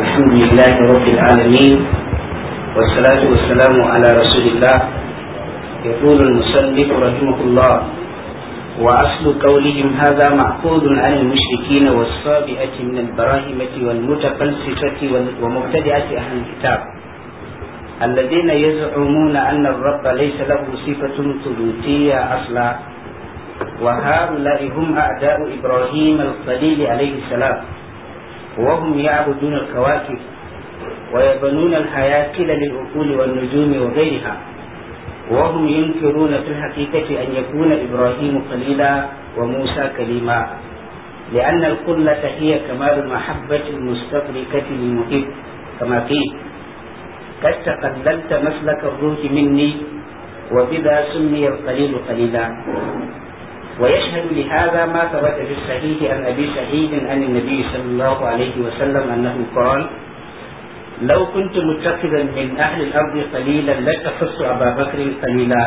الحمد لله رب العالمين والصلاة والسلام على رسول الله يقول المسلف رحمه الله وأصل قولهم هذا معقود عن المشركين والصابئة من البراهمة والمتفلسفة ومبتدعة أهل الكتاب الذين يزعمون أن الرب ليس له صفة ثبوتية أصلا وهؤلاء هم أعداء إبراهيم الخليل عليه السلام وهم يعبدون الكواكب ويبنون الهياكل للأصول والنجوم وغيرها وهم ينكرون في الحقيقة أن يكون إبراهيم خليلا وموسى كليما لأن القلة هي كمال المحبة المستغرقة للمحب كما قيل قد تقللت مسلك الروح مني وبذا سمي القليل قليلا ويشهد لهذا ما ثبت في الصحيح عن ابي سعيد عن النبي صلى الله عليه وسلم انه قال لو كنت متخذا من اهل الارض قليلا لاتخذت ابا بكر قليلا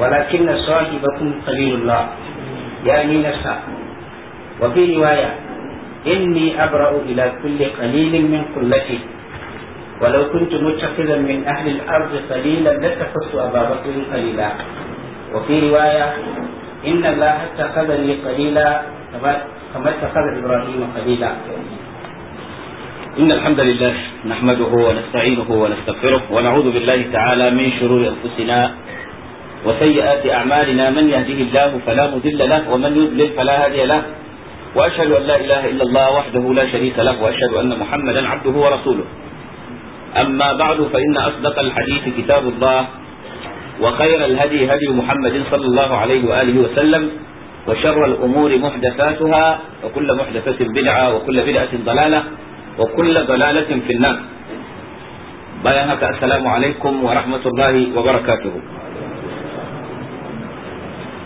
ولكن صاحبكم قليل الله يعني نفسه وفي روايه اني ابرا الى كل قليل من قلتي ولو كنت متخذا من اهل الارض قليلا لاتخذت ابا بكر قليلا وفي روايه إن الله اتخذني قليلا كما اتخذ إبراهيم قليلا إن الحمد لله نحمده ونستعينه ونستغفره ونعوذ بالله تعالى من شرور أنفسنا وسيئات أعمالنا من يهده الله فلا مضل له ومن يضلل فلا هادي له وأشهد أن لا إله إلا الله وحده لا شريك له وأشهد أن محمدا عبده ورسوله أما بعد فإن أصدق الحديث كتاب الله وخير الهدي هدي محمد صلى الله عليه وآله وسلم وشر الأمور محدثاتها وكل محدثة بدعة وكل بدعة ضلالة وكل ضلالة في النار بيانك السلام عليكم ورحمة الله وبركاته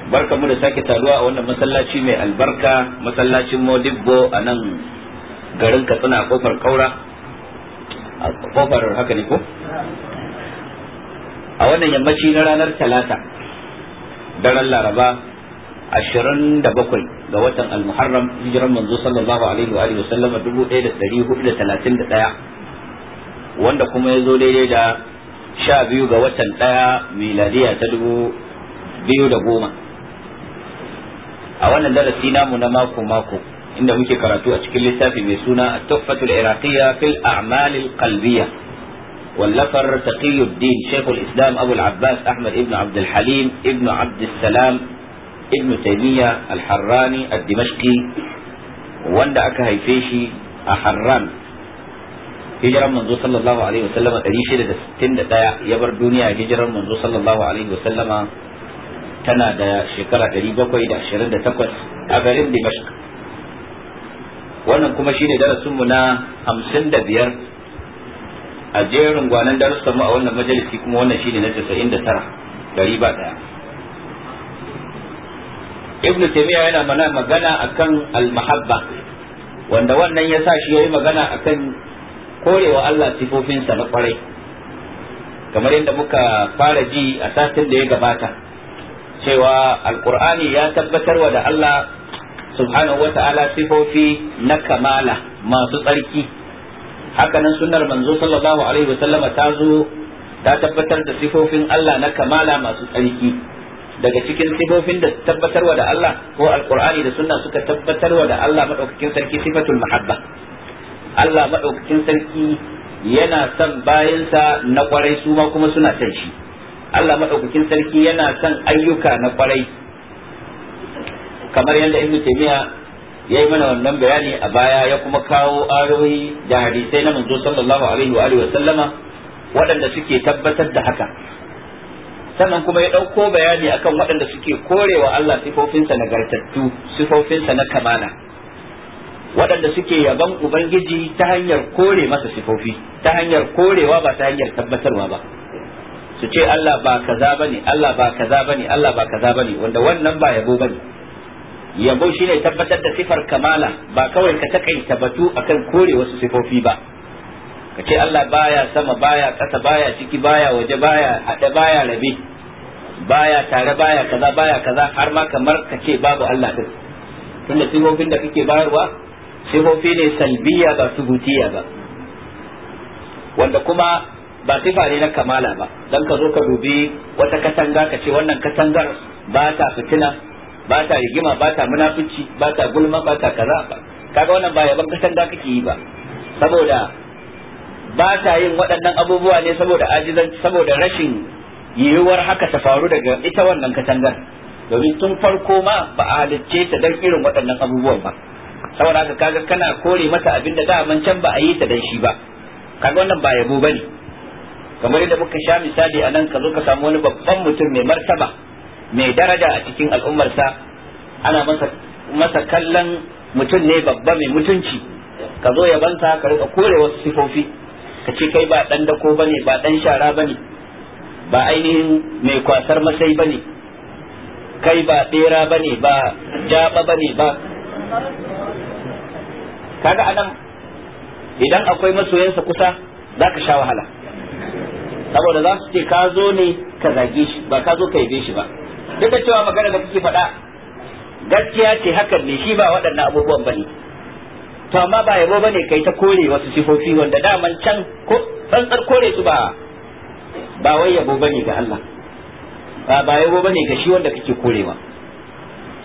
barka mu da sake taruwa a wannan masallaci mai albarka masallacin modibbo a nan garin katsina a kofar kaura a kofar haka ne ko a wannan yammaci na ranar talata daren laraba 27 ga watan al hijiran manzo sallallahu alaihi wa talatin da 1431 wanda kuma ya zo daidai da 12 ga watan ɗaya miladiya ta da goma. a wannan darasi namu na mako mako inda muke karatu a cikin littafi mai suna at-tuhfatul iraqiyya fil a'malil qalbiyyah واللفر تقي الدين شيخ الإسلام أبو العباس أحمد ابن عبد الحليم ابن عبد السلام ابن تيمية الحراني الدمشقي wanda aka haife shi a Harran hijiran manzo sallallahu alaihi wasallama 661 ya bar duniya hijiran manzo sallallahu alaihi wasallama tana da shekara 728 a garin Dimashq wannan kuma shine darasinmu na 55 a jerin gwanan darussan mu a wannan majalisi kuma wannan shine na 99 dari ba daya Ibnu taymiya yana mana magana akan al-mahabba wanda wannan ya sa shi yayi magana akan korewa Allah sifofinsa na kwarai kamar yadda muka fara ji a satin da ya gabata cewa alkur'ani ya tabbatar tabbatarwa da Allah subhanahu wa sifofi na kamala masu tsarki Hakanan nan sunnar manzo sallallahu alaihi sallama ta zo ta tabbatar da sifofin Allah na kamala masu tsarki daga cikin sifofin da tabbatarwa da Allah ko alqur'ani da sunna suka tabbatarwa da Allah madaukakin sarki sifatul mahabba Allah madaukakin sarki yana son bayansa na kwarai su ma kuma suna son shi Allah madaukakin sarki yana son ayyuka na kwarai kamar yadda Ibn Taymiyyah ya yi mana wannan bayani a baya ya kuma kawo ayoyi da hadisai na manzo sallallahu alaihi wa alihi wa sallama waɗanda suke tabbatar da haka sannan kuma ya ɗauko bayani akan waɗanda suke korewa Allah sifofinsa na nagartattu sifofinsa na kamala waɗanda suke yaban ubangiji ta hanyar kore masa sifofi ta hanyar korewa ba ta hanyar tabbatarwa ba su ce Allah ba kaza bane Allah ba kaza bane Allah ba kaza bane wanda wannan ba yabo bane yabo shine tabbatar da sifar kamala ba kawai ka takaita batu akan kore wasu sifofi ba kace ce Allah baya sama baya ƙasa baya ciki baya waje baya haɗe baya rabe baya tare baya kaza baya kaza har ma kamar ka ce babu Allah din tunda sifofin da kake bayarwa sifofi ne salbiya ba subutiya ba wanda kuma ba sifa ne na kamala ba dan ka zo ka dubi wata katanga kace wannan katangar ba ta fitina ba ta rigima ba ta munafici ba ta gulma ba ta kaza ba kaga wannan ba yaban da kake yi ba saboda ba ta yin waɗannan abubuwa ne saboda ajizan saboda rashin yiwuwar haka ta faru daga ita wannan katangar domin tun farko ma ba a halicce ta dan irin waɗannan abubuwan ba saboda haka kaga kana kore mata abin da daman can ba a yi ta dan shi ba kaga wannan ba yabo bane kamar yadda muka sha misali a nan ka zo ka samu wani babban mutum mai martaba mai daraja a cikin al'ummarsa ana masa kallon mutum ne babba mai mutunci ka zo ya banta ka rika kore wasu sifofi ka ce kai ba dan dako bane ba dan shara bane ba ainihin mai kwasar masai bane kai ba bera bane ba jaba bane ba kaga anan idan akwai masoyansa kusa za ka sha wahala saboda za su ce ka zo ne ka zage shi ba ka zo ka yabe shi ba duk da cewa magana da kuke faɗa gaskiya ce hakan ne shi ba waɗannan abubuwan bane to amma ba yabo bane kai ta kore wasu sifofi wanda daman can ko tsantsar kore su ba ba wai yabo bane ga Allah ba ba yabo bane ga shi wanda kake korewa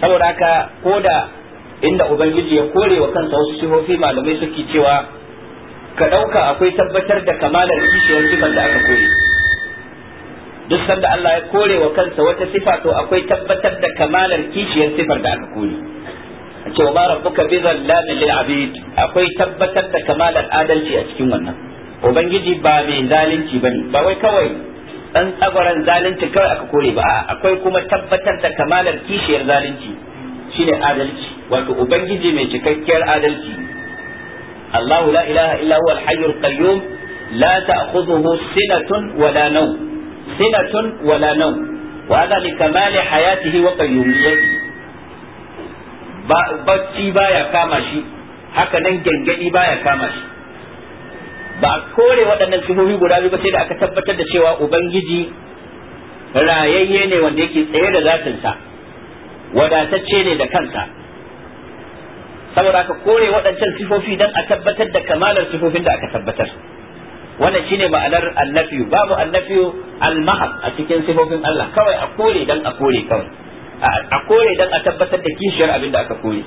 saboda haka koda inda ubangiji ya kore wa kansa wasu sifofi malamai suke cewa ka ɗauka akwai tabbatar da kamalar kishiyar sifar da aka kore duk sanda Allah ya kore wa kansa wata sifa to akwai tabbatar da kamalar kishiyar sifar da aka kore a ce wa ma rabbuka bi zallamin lil abid akwai tabbatar da kamalar adalci a cikin wannan ubangiji ba mai zalunci bane ba wai kawai dan tsagoran zalunci kawai aka kore ba akwai kuma tabbatar da kamalar kishiyar zalunci shine adalci wato ubangiji mai cikakkiyar adalci Allahu la ilaha illa huwa al-hayyul qayyum la ta'khudhuhu sinatun wala nawm sinatun wala nau wa hada li kamali hayatihi wa ba bacci baya kama shi haka nan gangadi baya kama shi ba kore waɗannan sifofi guda biyu ba sai da aka tabbatar da cewa ubangiji rayayye ne wanda yake tsaye da zatinsa wadatacce ne da kansa saboda aka kore waɗancan sifofi don a tabbatar da kamalar sifofin da aka tabbatar wannan shine ma'anar annafiyu babu annafiyu almahab a cikin sifofin Allah kawai a kore dan a kore kawai a kore dan a tabbatar da kishiyar abin da aka kore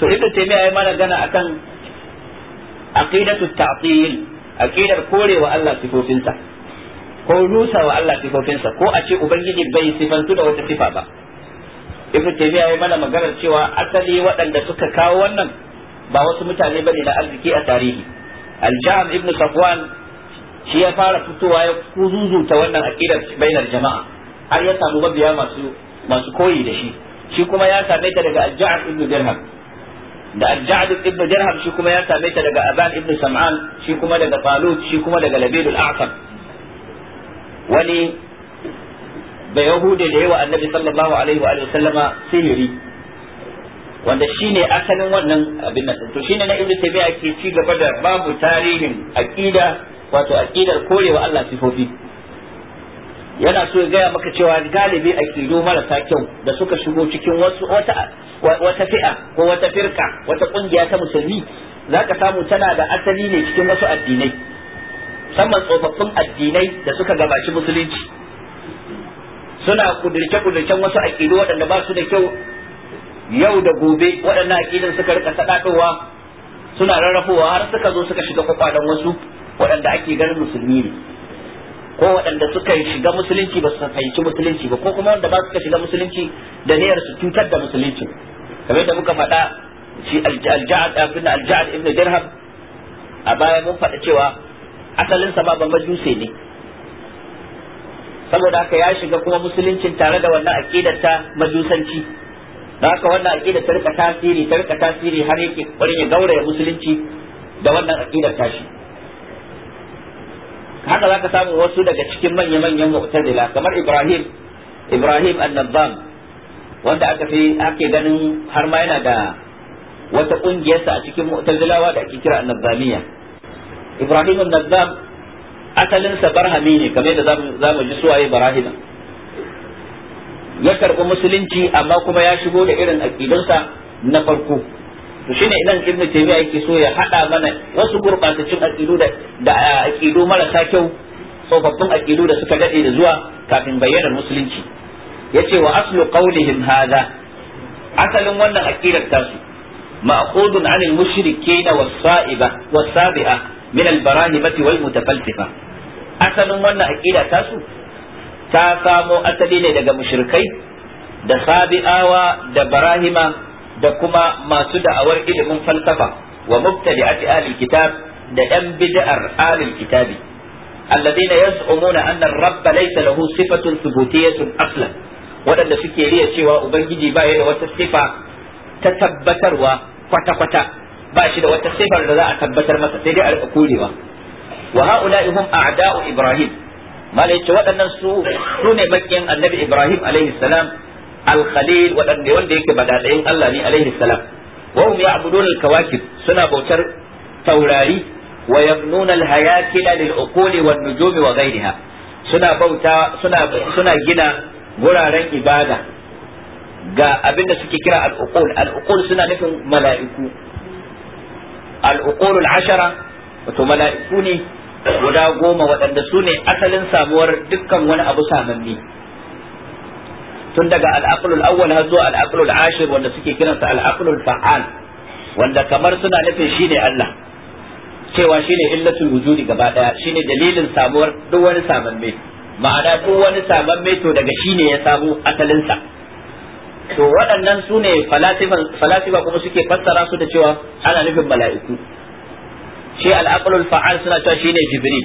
to idan taymiya ya mana gana akan aqidatu ta'til aqidar korewa Allah sifofinsa ko rusa wa Allah sifofinsa ko a ce ubangiji bai sifantu da wata sifa ba ibn taymiya ya mana maganar cewa asali waɗanda suka kawo wannan ba wasu mutane bane da arziki a tarihi aljam ibn safwan shi ya fara fitowa ya ta wannan aqidar bainar jama'a har ya samu mabiya masu koyi da shi shi kuma ya same ta daga alja'ad ibn dirham da alja'ad ibn dirham shi kuma ya same ta daga aban ibn sam'an shi kuma daga talut shi kuma daga labidul a'sam wani da yahude da yawa annabi sallallahu alaihi wa sallama wanda shine asalin wannan abin nan to shine na ibnu taymiya ke ci gaba da babu tarihin aqida wato aqidar korewa Allah sifofi yana so ya gaya maka cewa galibi aqidu marasa kyau da suka shigo cikin wasu wata wata fi'a ko wata firka wata kungiya ta musulmi zaka samu tana da asali ne cikin wasu addinai musamman tsofaffin addinai da suka gabaci musulunci suna kudirce kudircen wasu aqidu waɗanda ba su da kyau yau da gobe waɗannan aƙidan suka rika saɗaɗowa suna rarrafowa har suka zo suka shiga kwakwalan wasu waɗanda ake ganin musulmi ne ko waɗanda suka shiga musulunci ba su fahimci musulunci ba ko kuma wanda ba suka shiga musulunci da niyyar su cutar da musulunci kamar da muka faɗa shi alja'ad ibn alja'ad ibn dirham a baya mun faɗa cewa asalin sa ma ba majuse ne saboda haka ya shiga kuma musuluncin tare da wannan aqidar ta majusanci da haka wannan aƙida ta rika tasiri ta tasiri har yake bari ya gauraya musulunci da wannan aqidar tashi haka za ka samu wasu daga cikin manya-manyan mu'tazila kamar Ibrahim Ibrahim annabban wanda aka fi ake ganin har ma yana da wata ƙungiyarsa a cikin mu'tazilawa da ake kira an Ibrahim annabban asalinsa asalin barhami ne kamar da zamu ji suwaye Ibrahim ya karɓi musulunci amma kuma ya shigo da irin aqidansa na farko to shine idan ibnu taymiya yake so ya hada mana wasu gurbatacin aqidu da da aqidu marasa kyau tsofaffin aqidu da suka dade da zuwa kafin bayyana musulunci yace wa aslu qawlihim hadha asalin wannan aqidar tasu ma'qudun 'ala al-mushrikeen was-sa'iba was-sabi'a min al-barahibati wal-mutafalsifa asalin wannan aqida tasu ta samo asali ne daga mushrikai da sabi'awa da barahima da kuma masu da'awar ilimin falsafa wa Ati ahli kitab da yan bid'ar ahli kitabi alladhina yaz'umuna anna ar-rabb laysa lahu sifatun thubutiyyatun aslan waɗanda suke riya cewa ubangiji ba da wata sifa ta tabbatarwa kwata-kwata ba shi da wata sifar da za a tabbatar masa sai dai a rika kurewa wa ha'ula'i hum a'da'u ibrahim mala yace waɗannan su su ne bakin annabi ibrahim alaihi salam al-khalil waɗanda wanda yake badadayin Allah ne alaihi salam wa hum ya'budun al suna bautar taurari wa yabnuna al-hayakila lil uquli wan nujumi wa ghayriha suna bauta suna suna gina guraren ibada ga abinda suke kira al-uqul al-uqul suna nufin mala'iku al-uqul al-ashara wato mala'iku ne guda goma waɗanda su ne asalin samuwar dukkan wani abu samanni tun daga al'aqlul awwal har zuwa al'aqlul ashir wanda suke kiransa al'aqlul fa'al wanda kamar suna nufin shine Allah cewa shine illatul wujudi gaba daya shine dalilin samuwar duk wani samanni ma'ana duk wani samanni to daga shine ya samu asalin to waɗannan su ne falasifa kuma suke fassara su da cewa ana nufin mala'iku shi al'aqlul fa'al suna cewa shine jibril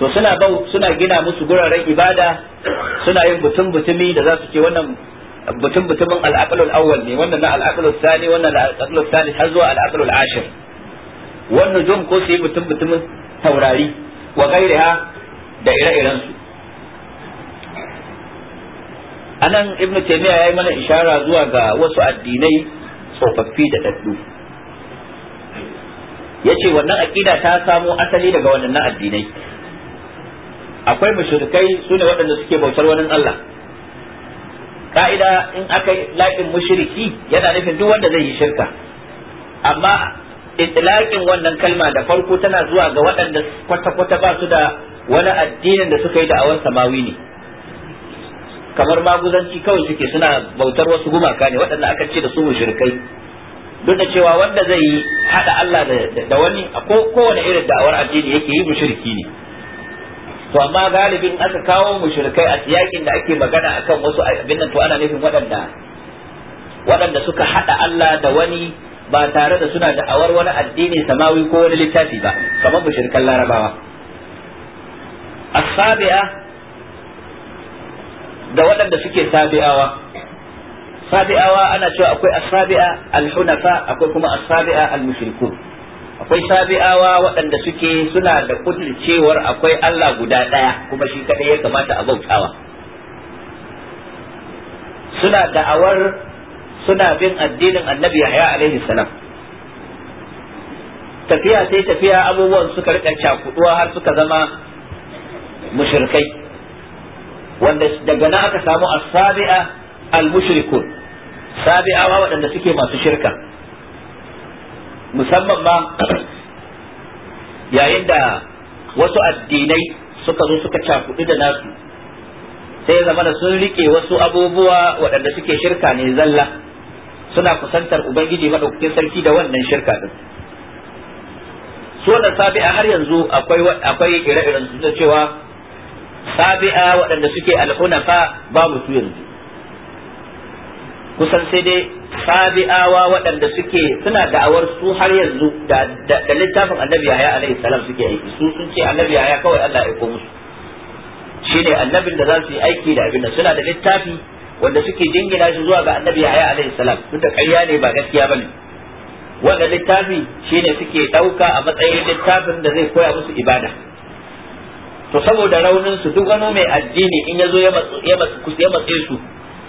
to suna bau suna gina musu guraren ibada suna yin butun butumi da za su ce wannan butun butumin al'aqlul awwal ne wannan na al'aqlul thani wannan na al'aqlul thalith har zuwa al'aqlul ashir wannan jum ko su yi butun butumin taurari wa ghairiha da ire-iren su anan ibnu taymiya yayi mana ishara zuwa ga wasu addinai tsofaffi da daddu yace wannan aqida ta samo asali daga wannan addinai akwai mushrikai sune waɗanda suke bautar wani Allah ka'ida in aka laƙin mushriki yana nufin duk wanda zai yi shirka amma itlaƙin wannan kalma da farko tana zuwa ga waɗanda kwata-kwata ba su da wani addinin da suka yi da'awar samawi ne kamar maguzanci kawai suke suna bautar wasu gumaka ne waɗanda aka ce da su mushrikai duk da cewa wanda zai yi hada Allah da wani ko kowane irin da'awar addini yake yi mushriki ne to amma galibin aka kawo mushrikai a siyakin da ake magana akan wasu abin nan to ana nufin waɗanda waɗanda suka hada Allah da wani ba tare da suna da'awar wani addini samawi ko wani littafi ba kamar mushrikan larabawa as da waɗanda suke sabi'awa sabi'awa ana cewa akwai asabi'a al-hunafa akwai kuma asabi'a al akwai sabi'awa waɗanda suke suna da kudin cewar akwai Allah guda ɗaya kuma shi kadai ya kamata a bautawa suna da'awar suna bin addinin annabi Yahya alaihi salam tafiya sai tafiya abubuwan suka rika cakuduwa har suka zama mushrikai wanda daga nan aka samu asabia sabia al tabi'awa waɗanda suke masu shirka musamman ma yayin da wasu addinai suka zo suka cakuɗi da nasu sai zama da sun rike wasu abubuwa waɗanda suke shirka ne zalla suna kusantar ubangiji maɗaukakin sarki da wannan shirka din su sabi'a har yanzu akwai ire-iren su cewa sabi'a waɗanda suke alhunafa babu su yanzu kusan sai dai sabi'awa waɗanda suke suna da'awar su har yanzu da littafin annabi yahya alaihi salam suke aiki su sun ce annabi yahya kawai Allah ya aiko musu shine annabin da za su yi aiki da abin da suna da littafi wanda suke jingina shi zuwa ga annabi yahya alaihi salam duk da ƙarya ne ba gaskiya bane wanda littafi shine suke ɗauka a matsayin littafin da zai koya musu ibada to saboda raunin su duk wani mai addini in yazo ya matsu ya matsu su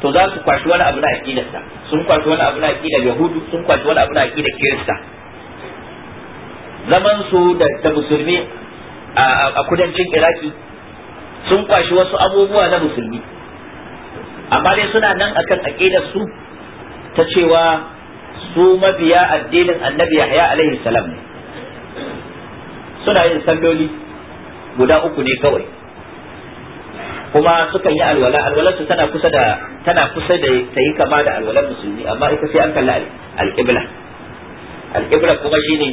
to za su kwashi wani abu na aqidarsa sun kwashi wani abu na aqidar yahudu sun kwashi wani abu na aqidar kirista zaman su da musulmi a kudancin iraki sun kwashi wasu abubuwa na musulmi amma dai suna nan akan aqidar su ta cewa su mabiya addinin annabi yahya alaihi salam ne suna yin salloli guda uku ne kawai kuma sukan yi alwala alwalar su tana kusa da tana kusa da ta yi kama da alwalar musulmi amma ita sai an kalli alƙibla alƙibla kuma shine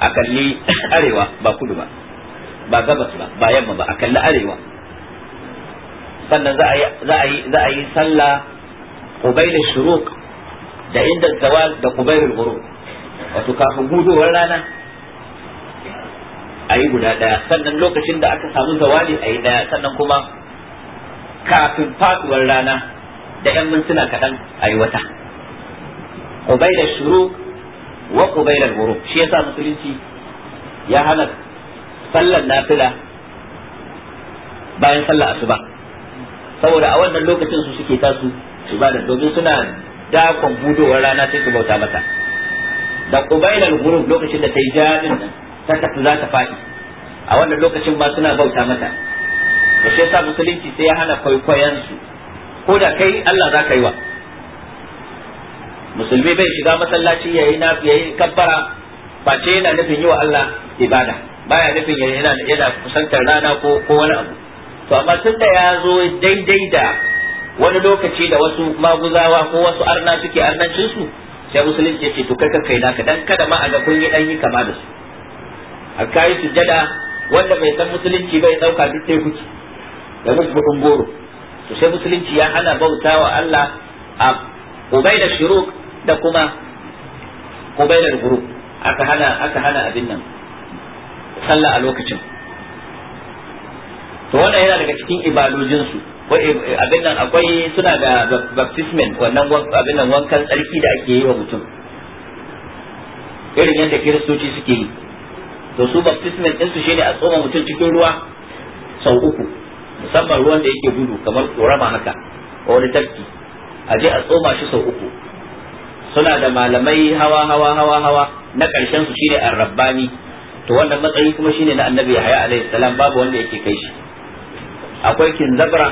a kalli arewa ba kudu ba ba gabas ba ba yamma ba a kalli arewa sannan za a yi za a yi za a yi sallah qubayl shuruq da inda zawal da qubayl ghurub wato kafin gudowar rana a yi guda ɗaya sannan lokacin da aka samu zawali a yi ɗaya sannan kuma kafin faduwar rana da yan mintuna kaɗan a yi wata qubailash shuru wa qubailal ghurub shi yasa musulunci ya hana sallar nafila bayan sallar asuba saboda a wannan lokacin su suke tasu ibada domin suna dakon budowar rana sai su bauta mata da ƙubailar guru lokacin da ta yi jami'in ta tafi za ta faɗi a wannan lokacin ma suna bauta mata da shi yasa musulunci sai ya hana kwaikwayon su ko da kai Allah za ka yi wa musulmi bai shiga masallaci yayi na yayi kabbara face yana nufin yi wa Allah ibada baya nufin yana yana kusantar rana ko ko wani abu to amma tun da ya zo daidai da wani lokaci da wasu maguzawa ko wasu arna suke arnancin su sai musulunci yace to kai kai naka dan kada ma a ga kun yi dan yi kama da su a kai sujada wanda bai san musulunci bai dauka duk sai da musu goro to sai musulunci ya hana bautawa Allah a ubaida shuruk da kuma ubaida guru aka hana aka hana abin nan sallah a lokacin to wannan yana daga cikin ko abin nan akwai suna da baptismen wannan abin nan wankan tsarki da ake yi wa mutum irin yadda kiristoci suke yi to su baptismen su shine a tsoma mutum cikin ruwa sau uku musamman ruwan da yake gudu kamar korama haka a wani tafki a je a tsoma shi sau uku suna da malamai hawa hawa hawa hawa na ƙarshen su shine arrabbani to wannan matsayi kuma shine na annabi yahya alayhi salam babu wanda yake kai shi akwai kinzabra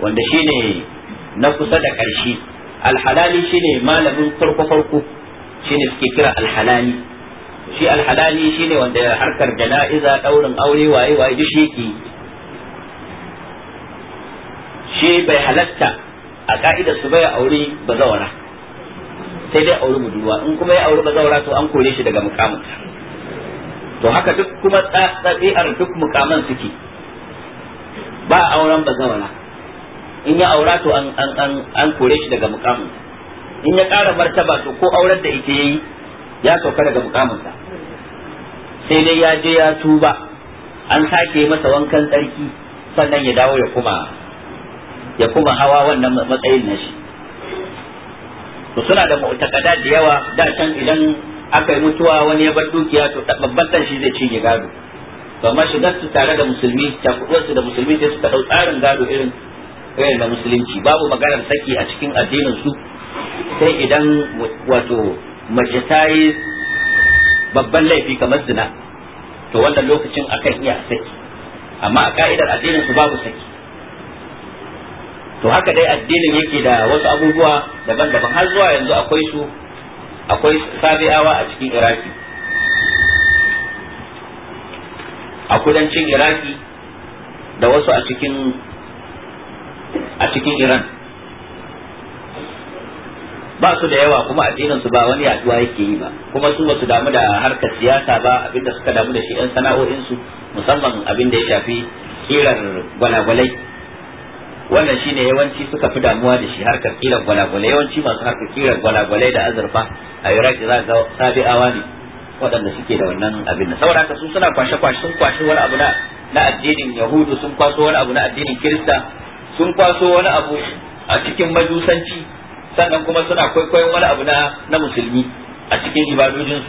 wanda shine na kusa da karshe alhalali shine malamin farko farko shine suke kira alhalali shi alhalali shine wanda harkar jana'iza daurin aure waye waye duk shi yake shi bai halatta a ka'idar su bai aure bazawara sai dai aure budurwa in kuma ya aure bazawara to an kore shi daga mukaminsa to haka duk kuma tsatsiyar duk mukaman suke ba auren bazawara in ya aura to an kore shi daga mukaminsa in ya ƙara martaba to ko auren da ita yayi ya sauka daga ta sai dai ya je ya tuba an sake masa wankan tsarki sannan ya dawo ya kuma ya kuma hawa wannan matsayin na shi to suna da mu'takada da yawa da can idan aka yi mutuwa wani ya bar dukiya to babban dan shi zai cinye gado to amma shigar su tare da musulmi takuwar su da musulmi sai ka dau tsarin gado irin irin da musulunci babu maganar saki a cikin addinin su sai idan wato mace ta yi babban laifi kamar zina to wannan lokacin akan iya saki amma a ka'idar addinin su babu saki to haka dai addinin yake da wasu abubuwa daban-daban har zuwa yanzu akwai su akwai sabi'awa a cikin iraki a kudancin iraki da wasu a cikin a cikin iran ba su da yawa kuma addinin su ba wani yaduwa yake yi ba kuma su ba su damu da harkar siyasa ba abinda suka damu da shi 'yan sana'o'insu musamman abin da ya shafi kirar gwalagwalai wannan shine yawanci suka fi damuwa da shi harkar kiran gwalagwale yawanci masu harkar kiran gwalagwale da azurfa a iraq za ga sabi'awa ne waɗanda suke da wannan abin da saboda haka su suna kwashe kwashe sun kwashe wani abu na addinin yahudu sun kwaso wani abu na addinin kirista sun kwaso wani abu a cikin majusanci sannan kuma suna kwaikwayon wani abu na na musulmi a cikin su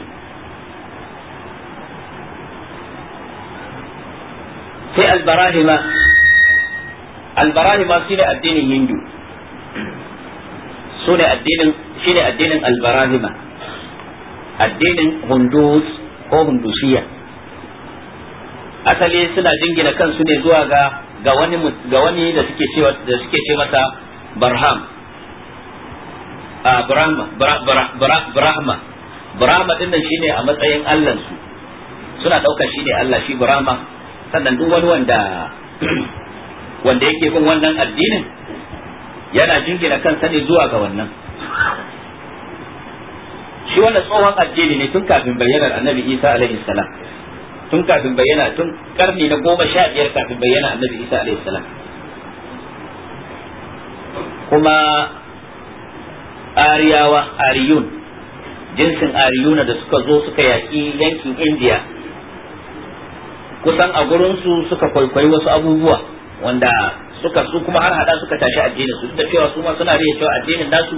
sai albarahima ma shine addinin hindu sune addinin shine addinin albarahima addinin hundus ko hundusiya asali suna jingina kansu ne zuwa ga ga wani ga wani da suke cewa da suke ce masa barham a brahma brahma brahma din nan shine a matsayin allan su suna daukar shi ne Allah shi brahma sannan duk wani wanda wanda yake bin wannan addinin yana jingina kansa ne zuwa ga wannan shi wanda tsohon addini ne tun kafin bayyanar annabi isa alaihi salam tun kafin bayyana tun karni na goma sha biyar kafin bayyana annabi isa alaihi salam kuma ariyawa ariyun jinsin ariyuna da suka zo suka yaƙi yankin indiya kusan a gurinsu suka kwaikwayi wasu abubuwa wanda suka su kuma har hada suka tashi addinin su da cewa su ma suna riya cewa addinin nasu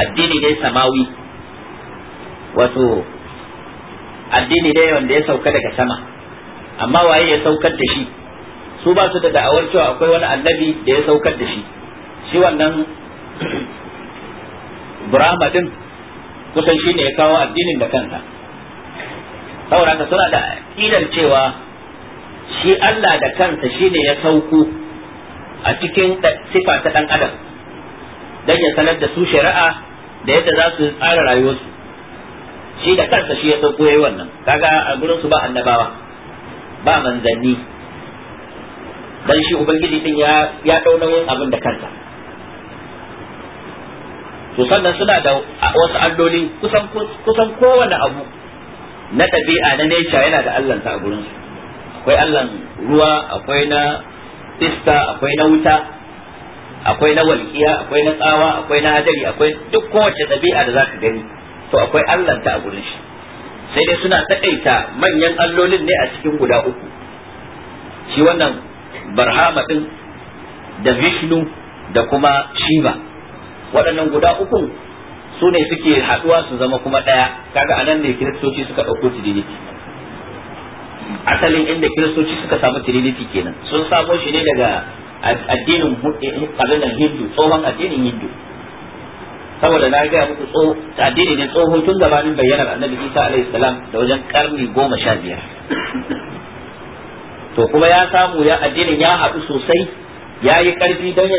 addini ne samawi wato addini ne wanda ya sauka daga sama amma waye ya saukar da shi su ba su da da'awar cewa akwai wani annabi da ya saukar da shi shi wannan Burama din kusan shi ne ya kawo addinin da kansa saboda haka suna da ƙidar cewa shi Allah da kansa shine ya sauko a cikin sifa ta ɗan adam don ya sanar da su shari'a da yadda za su tsara rayuwarsu shi da kansa shi ya sauko yayi wannan kaga a gurin su ba annabawa ba manzanni dan shi ubangiji din ya ya dau nauyin abin da kansa to sannan suna da wasu alloli kusan kusan kowane abu na ɗabi'a na nature yana da allansa a gurinsu akwai allan ruwa akwai na iska akwai na wuta akwai na walƙiya akwai na tsawa akwai na hadari akwai duk kowace ɗabi'a da za ka gani to akwai allan ta a gurin shi sai dai suna taƙaita manyan allolin ne a cikin guda uku shi wannan barhama din da vishnu da kuma shiva waɗannan guda uku su ne suke haɗuwa su zama kuma ɗaya kaga anan ne kiristoci suka ɗauko trinity asalin inda kiristoci suka samu trinity kenan sun samo shi ne daga addinin kabilan hindu tsohon addinin hindu saboda na gaya muku addini ne tsohon tun gabanin bayyanar annabi isa alaihi salam da wajen karni goma sha biyar to kuma ya samu ya addinin ya haɗu sosai ya yi ƙarfi don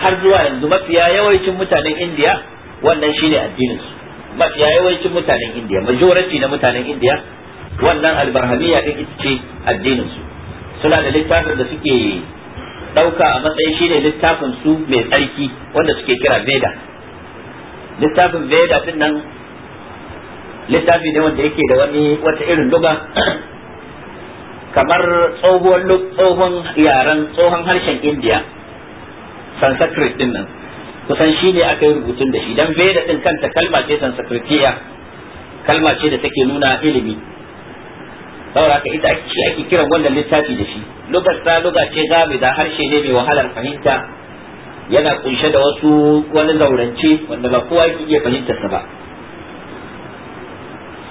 har zuwa yanzu mafiya yawancin mutanen indiya wannan shine addinin su mafiya yawancin mutanen indiya majority na mutanen indiya wannan albarhamiya din ita ce addinin su suna da littafin da suke ɗauka a matsayin shine littafin su mai tsarki wanda suke kira Veda littafin Veda din nan littafi ne wanda yake da wani wata irin duba kamar tsohon yaren tsohon harshen indiya Sanskrit din nan kusan shi ne aka yi rubutun da shi dan Veda din kanta kalma ce Sanskritiya kalma ce da take nuna ilimi saboda haka ita shi ake kiran wannan littafi da shi lugar ta luga ce da harshe ne mai wahalar fahimta yana kunshe da wasu wani zaurance wanda ba kowa yake iya sa ba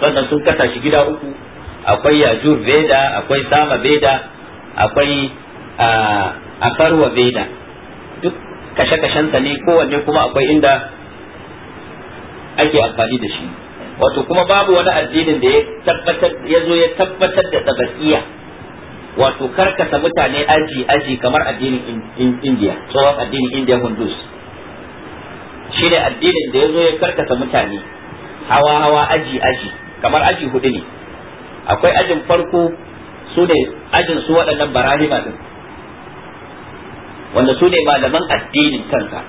sannan sun kasa shi gida uku akwai yajur veda akwai sama veda akwai akarwa veda duk kashe-kashensa ne kowanne kuma akwai inda ake amfani da shi wato kuma babu wani addinin da ya tabbatar ya zo ya tabbatar da tsabakiya wato karkasa mutane aji aji kamar addinin indiya tsohon addinin indiya hundus shi ne addinin da ya zo ya karkasa mutane hawa hawa aji aji kamar aji hudu ne akwai ajin farko su ne ajin su waɗannan barahima din wanda su ne malaman addinin kansa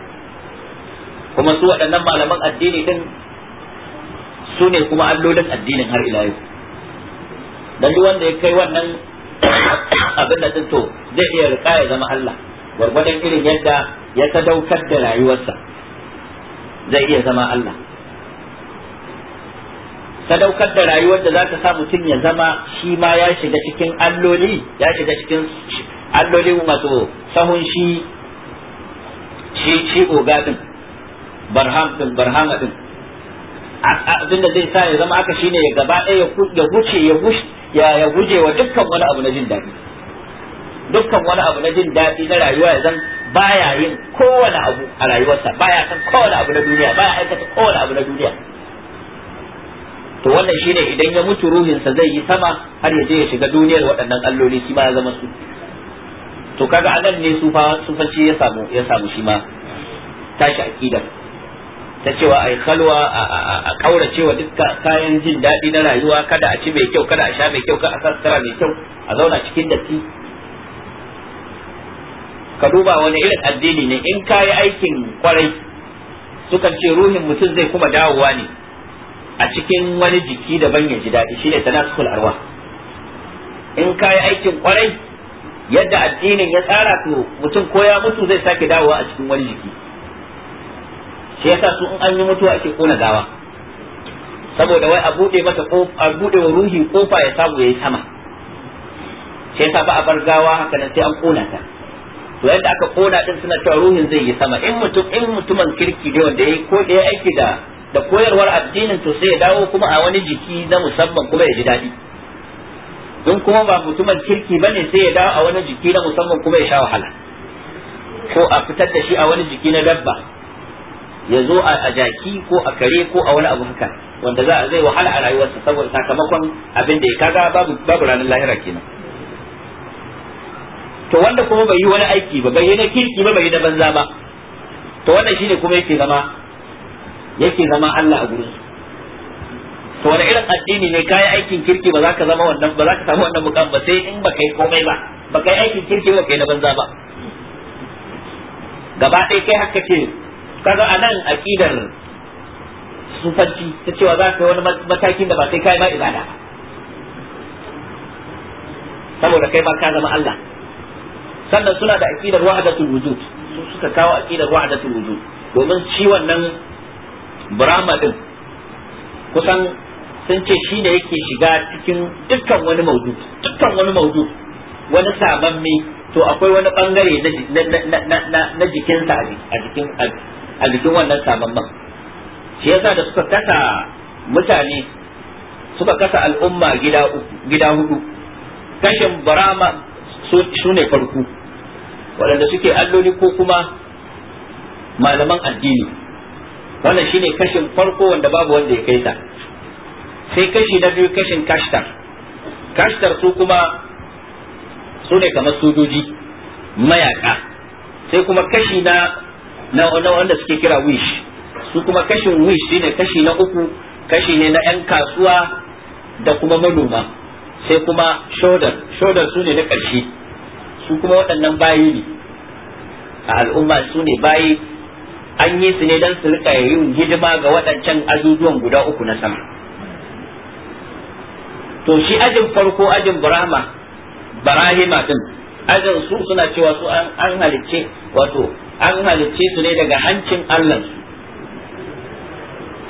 kuma su waɗannan malaman addini din su ne kuma allolin addinin har ila yau dan duk wanda ya kai wannan abin da din to zai iya rika ya zama Allah gwargwadon irin yadda ya sadaukar da rayuwarsa zai iya zama Allah sadaukar da rayuwar da zaka sa mutum ya zama shi ma ya shiga cikin alloli ya shiga cikin alloli masu sahun shi shi shi ogadin barham din barhama din abinda zai sa ya zama aka shine ya gaba ɗaya ya guce ya gush ya ya guje wa dukkan wani abu na jin daɗi dukkan wani abu na jin daɗi na rayuwa ya zan baya yin kowane abu a rayuwarsa baya san kowane abu na duniya baya aikata kowane abu na duniya to wannan shine idan ya mutu ruhinsa zai yi sama har ya je ya shiga duniyar waɗannan alloli shi ma ya zama su to kaga anan ne sufa sufanci ya samu ya samu shi ma tashi aqidar ta cewa ai salwa a wa dukkan kayan jin daɗi na rayuwa kada a ci mai kyau kada a sha mai kyau kada a sassara mai kyau a zauna cikin datti ka duba wani irin addini ne in kayi aikin kwarai sukan ce ruhin mutum zai kuma dawowa ne a cikin wani jiki daban ya ji daɗi shine tanasul arwa in kayi aikin kwarai yadda addinin ya tsara to mutum ko ya mutu zai sake dawowa a cikin wani jiki shi yasa su in an yi mutuwa ake kona gawa saboda wai a bude mata a bude wa ruhi kofa ya samu yayi sama shi yasa ba a bar gawa haka nan sai an kona ta to yadda aka kona din suna cewa ruhin zai yi sama in mutum in mutumin kirki da wanda yayi ko da ya aiki da da koyarwar addinin to sai ya dawo kuma a wani jiki na musamman kuma ya ji daɗi don kuma ba mutumin kirki bane sai ya dawo a wani jiki na musamman kuma ya sha wahala ko a fitar da shi a wani jiki na dabba ya zo a jaki ko a kare ko a wani abu haka wanda za zai wahala a rayuwarsa saboda sakamakon abin da ya kaga babu babu ranar lahira kenan to wanda kuma bai yi wani aiki ba bai yi na kirki ba bai yi na banza ba to wannan shine kuma yake zama yake zama Allah a gurin to wani irin addini ne kai aikin kirki ba za ka zama wannan ba za ka samu wannan mukam ba sai in ba kai komai ba ba kai aikin kirki ba kai na banza ba gaba ɗaya kai haka ce kaga anan aqidar sufanci ta cewa za ka wani matakin da ba sai kai ma ibada saboda kai ba ka zama Allah sannan suna da aqidar wa'adatul wujud su suka kawo aqidar wa'adatul wujud domin shi wannan Brahma din kusan sun ce shi ne yake shiga cikin dukkan wani maudu dukkan wani maudu wani sabamme to akwai wani bangare na jikinsa a jikin a jikin wannan samamman shi yasa da suka kasa mutane suka kasa al'umma gida hudu kashin barama su ne farko waɗanda suke alloli ko kuma malaman addini wannan shine kashin farko wanda babu wanda ya kai ta sai kashi na biyu kashin kashtar kashtar su kuma su ne kamar sojoji mayaka sai kuma kashi na na wanda suke kira wish su kuma kashin wish shine kashi na uku kashi ne na 'yan kasuwa da kuma manoma sai kuma shoulder shoulder su ne na ƙarshe su kuma waɗannan bayi ne a al'umma su ne bayi an yi su ne don su rika yin hidima ga waɗancan azuzuwan guda uku na sama to shi ajin farko ajin burama barahima din ajin su suna cewa su an halicce wato an halicce su ne daga hancin Allah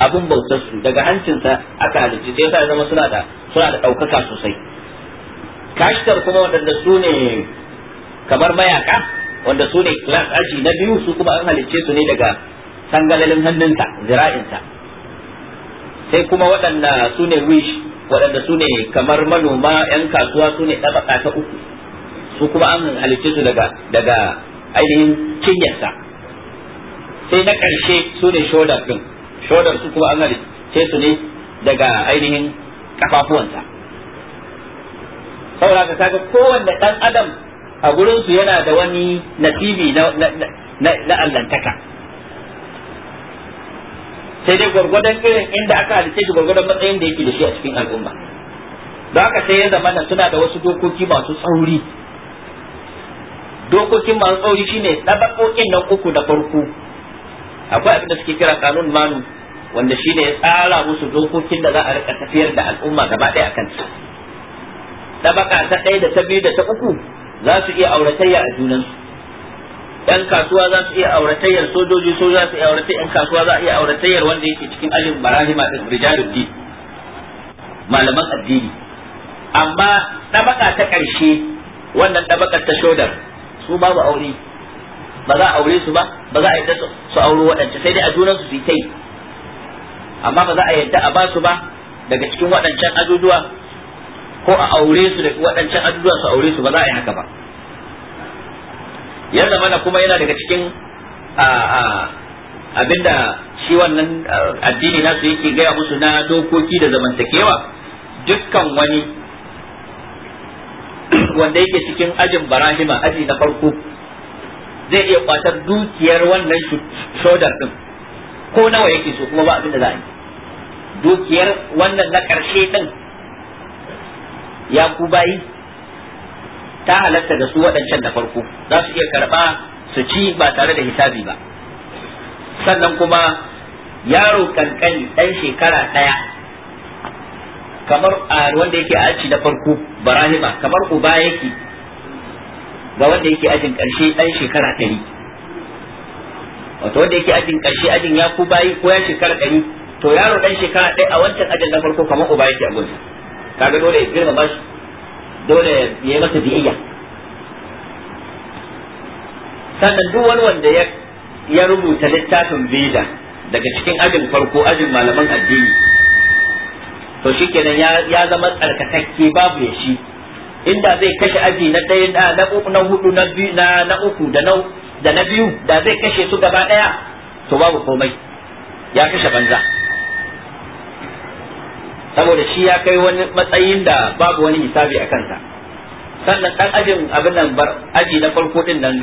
abun bautar su daga hancinsa aka halicce sai yasa zama suna da suna da ɗaukaka sosai kashtar kuma waɗanda su ne kamar mayaka wanda su ne class aji na biyu su kuma an halicce su ne daga sangalalin hannunsa zira'insa sai kuma waɗanda su ne wish waɗanda su ne kamar manoma 'yan kasuwa su ne ɗabaka ta uku su kuma an halicce su daga daga ainihin cinyarsa sai na ƙarshe su ne shodar ɗin shodar su kuma an sai su ne daga ainihin kafafuwansa saboda ka saka kowanne ɗan adam a gurinsu yana da wani nasibi na allantaka sai dai gwargwadon irin inda aka halice shi gwargwadon matsayin da yake da shi a cikin al'umma don haka sai ya zama suna da wasu dokoki masu tsauri dokokin masu tsauri shine ɗabaƙoƙin nan uku na farko akwai abin da suke kira kanun manu wanda shine ya tsara musu dokokin da za a rika tafiyar da al'umma gaba ɗaya akan su ɗabaka ta ɗaya da ta biyu da ta uku za su iya auratayya a su yan kasuwa za su iya auratayyar sojoji so za su iya auratayyar yan kasuwa za a iya auratayyar wanda yake cikin alin barahima da rijalul din malaman addini amma ɗabaka ta ƙarshe wannan ɗabakar ta shodar su babu aure ba za a aure su ba ba za a yadda su auro waɗanda sai dai a junan su su yi amma ba za a yadda a ba su ba daga cikin waɗancan ajujuwa ko a aure su da waɗancan ajujuwa su aure su ba za a yi haka ba yadda zamana kuma yana daga cikin abinda shi wannan addini nasu yake gaya musu na dokoki da zamantakewa dukkan wani wanda yake cikin ajin barahima aji na farko zai iya kwatar dukiyar wannan shodar din ko nawa yake so kuma ba abin da za a yi dukiyar wannan na ƙarshe din ya ku bayi ta halatta da su waɗancan na farko za su iya karɓa su ci ba tare da hisabi ba sannan kuma yaro kankani ɗan shekara ɗaya kamar wanda yake aji na farko barahima kamar uba yake ga wanda yake ajin karshe dan shekara ɗari wato wanda yake ajin karshe ajin ya ku bayi ko ya shekara ɗari to yaro dan shekara ɗaya a wancan ajin na farko kamar uba yake a gunsa kaga dole ya girma bashi dole ya yi masa biyayya sannan duk wani wanda ya rubuta littafin bida daga cikin ajin farko ajin malaman addini to shi kenan ya zama tsarkakakke babu ya shi inda zai kashe aji na ɗaya da na uku na hudu na biyu na uku da na biyu da zai kashe su gaba ɗaya to babu komai ya kashe banza saboda shi ya kai wani matsayin da babu wani hisabi a kansa sannan ɗan ajin abin nan bar aji na farko din nan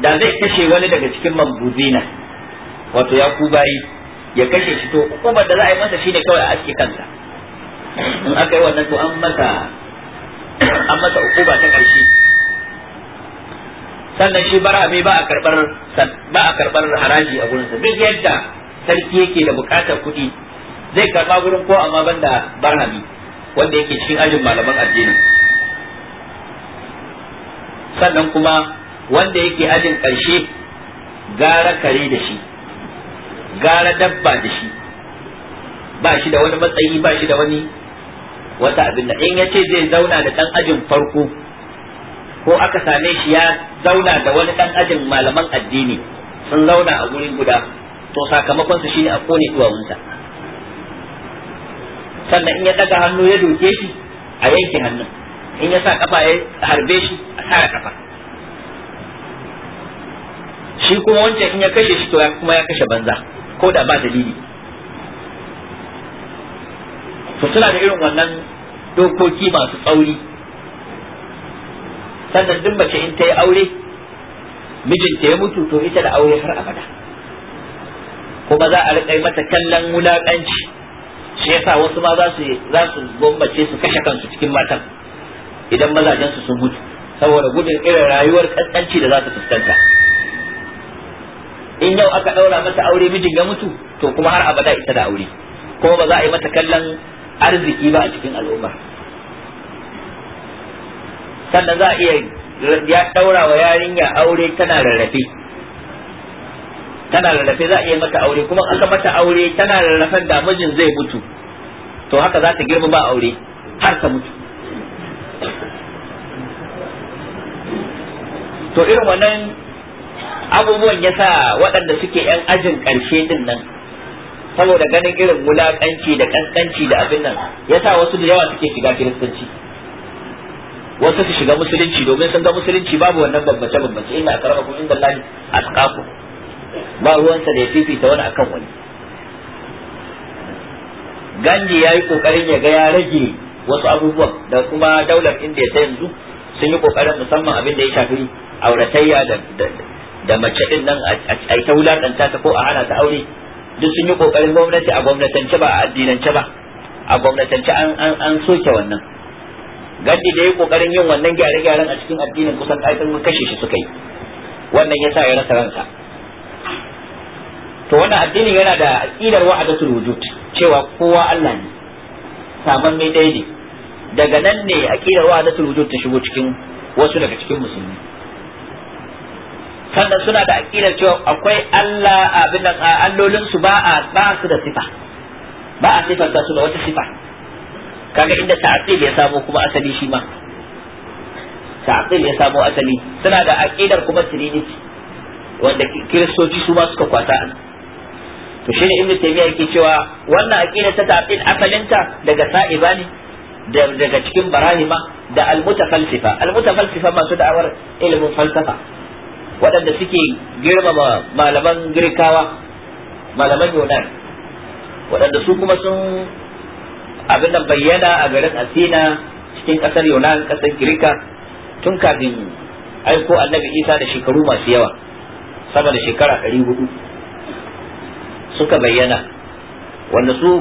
da zai kashe wani daga cikin mambuzina wato ya ku bayi ya kashe shi to hukumar da za a yi masa shine kawai a aske kansa in aka yi wannan to an masa an masa hukuma ta ƙarshe sannan shi bara mai ba a karbar ba a karbar haraji a gurinsa duk yadda sarki yake da bukatar kuɗi zai karba gurin ko amma banda barhami wanda yake cikin ajin malaman addini sannan kuma wanda yake ajin ƙarshe gara kare da shi gara dabba da shi ba shi da wani matsayi ba shi da wani wata abin da in yace zai zauna da dan ajin farko ko aka same shi ya zauna da wani dan ajin malaman addini sun zauna a guri guda to sakamakon su shine a kone duwawunsa sannan in ya daga hannu ya doke shi a yanke hannun in ya sa kafa ya harbe shi a sa kafa shi kuma wancan in ya kashe shi to kuma ya kashe banza ko da ba dalili to suna da irin wannan dokoki masu tsauri sannan duk mace in ta yi aure mijinta ya mutu to ita da aure har abada kuma za a riƙa mata kallon wulaƙanci shi yasa wasu ma za su za su bombace su kashe kansu cikin matan idan mazajen su sun mutu saboda gudun irin rayuwar kaskanci da za su fuskanta in yau aka ɗaura mata aure mijin ya mutu to kuma har abada ita da aure kuma ba za a yi mata kallon arziki ba a cikin al'umma sannan za a iya ya daura wa yarinya aure tana rarrafe tana rarrafe za a iya mata aure kuma aka mata aure tana rarrafen da mijin zai mutu to haka za ta girma ba aure har ta mutu to irin wannan abubuwan ya sa waɗanda suke 'yan ajin ƙarshe din nan saboda ganin irin wulaƙanci da ƙanƙanci da abin nan ya sa wasu da yawa suke shiga kiristanci wasu su shiga musulunci domin sun ga musulunci babu wannan bambance bambance inna akramakum ne a atqakum ba ruwansa da ya fifita wani akan wani ganji ya yi kokarin ya ga ya rage wasu abubuwan da kuma daular indiya ta yanzu sun yi kokarin musamman abin da ya shafi auratayya da da mace din nan a ta wulakanta ta ko a hana ta aure duk sun yi kokarin gwamnati a gwamnatance ba a addinance ba a gwamnatance an soke wannan gadi da ya kokarin yin wannan gyare-gyaren a cikin addinin kusan aikin kashe shi suka yi wannan ya sa ya rasa ransa to wannan addinin yana da aqidar wa'adatul wujud cewa kowa Allah ne saman mai daidai daga nan ne aqidar wa'adatul wujud ta shigo cikin wasu daga cikin musulmi sannan suna da aqidar cewa akwai Allah abin da allolin su ba a ba su da sifa ba a sifanta su da wata sifa kaga inda ta'til ya samo kuma asali shi ma ta'til ya samo asali suna da aƙidar kuma trinity wanda kiristoci su ma suka kwata to shine ibnu taymiya yake cewa wannan aqidar ta ta'til asalinta daga sa'iba ne daga cikin barahima da almutafalsifa almutafalsifa masu da'awar ilimin falsafa waɗanda suke girmama malaman girkawa malaman yunan waɗanda su kuma sun abin da bayyana a garin asina cikin ƙasar yunan ƙasar girka tun kafin aiko annabi isa da shekaru masu yawa sama da shekara ɗari hudu suka bayyana wanda su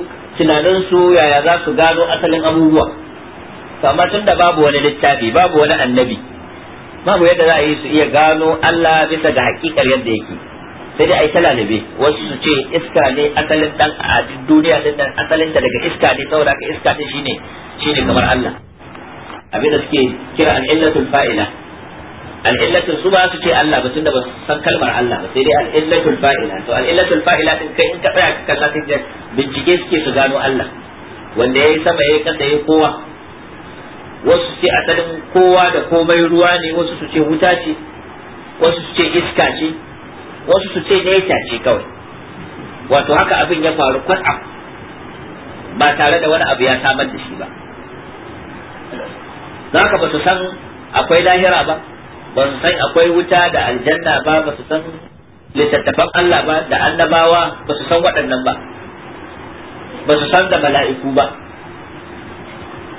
tunaninsu yaya za su gano asalin abubuwa amma tun da babu wani littafi babu wani annabi babu yadda za a yi su iya gano Allah bisa ga hakikar yadda yake sai dai ai ta lalube. wasu su ce iska ne asalin dan a duniya din nan asalin ta daga iska ne saboda ka iska ce shine shine kamar Allah abin da suke kira al-illatul fa'ila al-illatul su ba su ce Allah ba tunda ba san kalmar Allah ba sai dai al-illatul fa'ila to al-illatul fa'ila din kai in ka tsaya ka kalla sai bincike suke su gano Allah wanda yayi sama yayi kasa yayi kowa wasu ce asalin kowa da komai ruwa ne wasu su ce wuta ce wasu su ce iska ce wasu su ce neta ce kawai wato haka abin ya faru kwata ba tare da wani abu ya samar da shi ba za ka ba su san akwai lahira ba ba su san akwai wuta da aljanna ba ba su san littattafan Allah ba da annabawa ba su san waɗannan ba ba su san da mala'iku ba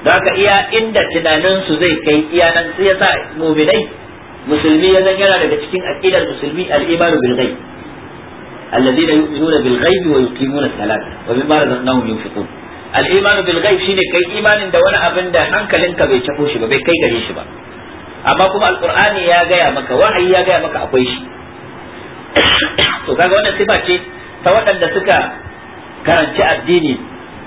daga iya inda tunaninsu zai kai iya nan sai ya sa muminai musulmi ya yana daga cikin aqidar musulmi al-iman bil ghaib alladhina yu'minuna bil ghaib wa yuqimuna salata wa mimma razaqnahum yunfiqun al-iman bil ghaib shine kai imanin da wani abin da hankalinka bai tafo shi ba bai kai gare shi ba amma kuma alqur'ani ya gaya maka wahayi ya gaya maka akwai shi to kaga wannan sifa ce ta waɗanda suka karanci addini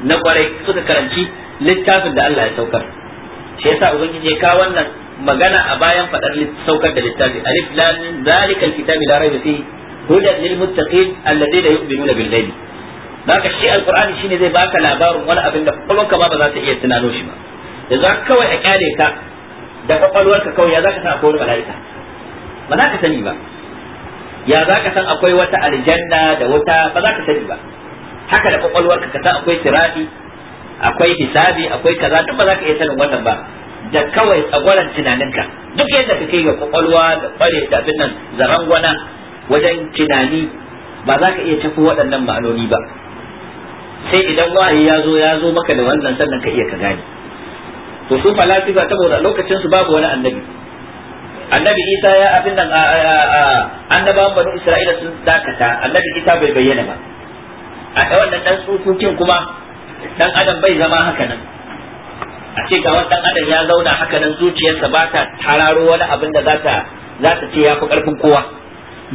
na kwarai suka karanci littafin da Allah ya saukar shi yasa ubangiji ya kawo wannan magana a bayan fadar saukar da littafi alif lam zalika alkitabi la rayba fi hudan lil muttaqin alladheena yu'minuna bil ghaibi haka shi alqur'ani shine zai baka labarin wani abin da kwakwalwarka ba ba za ta iya tunano shi ba yanzu ka kawai a kyale ka da kwakwalwarka kawai ya zaka san akwai wani mala'ika ba za ka sani ba ya za ka san akwai wata aljanna da wata ba za ka sani ba haka da kwakwalwarka ka san akwai sirati akwai hisabi akwai kaza duk ba za ka iya sanin wannan ba da kawai tsagwaran tunaninka duk yadda ka kai ga kwakwalwa da kware da abin nan zarangwana wajen tunani ba za ka iya tafi waɗannan ma'anoni ba sai idan wahayi ya zo ya zo maka da wannan sannan ka iya ka gane to su falasifa saboda lokacin su babu wani annabi annabi isa ya abin nan annabawan banu isra'ila sun dakata annabi isa bai bayyana ba a wannan dan tsufukin kuma dan adam bai zama haka nan a ce ga dan adam ya zauna haka nan zuciyarsa ba ta tararo wani abin da za ta za ta ce ya fi karfin kowa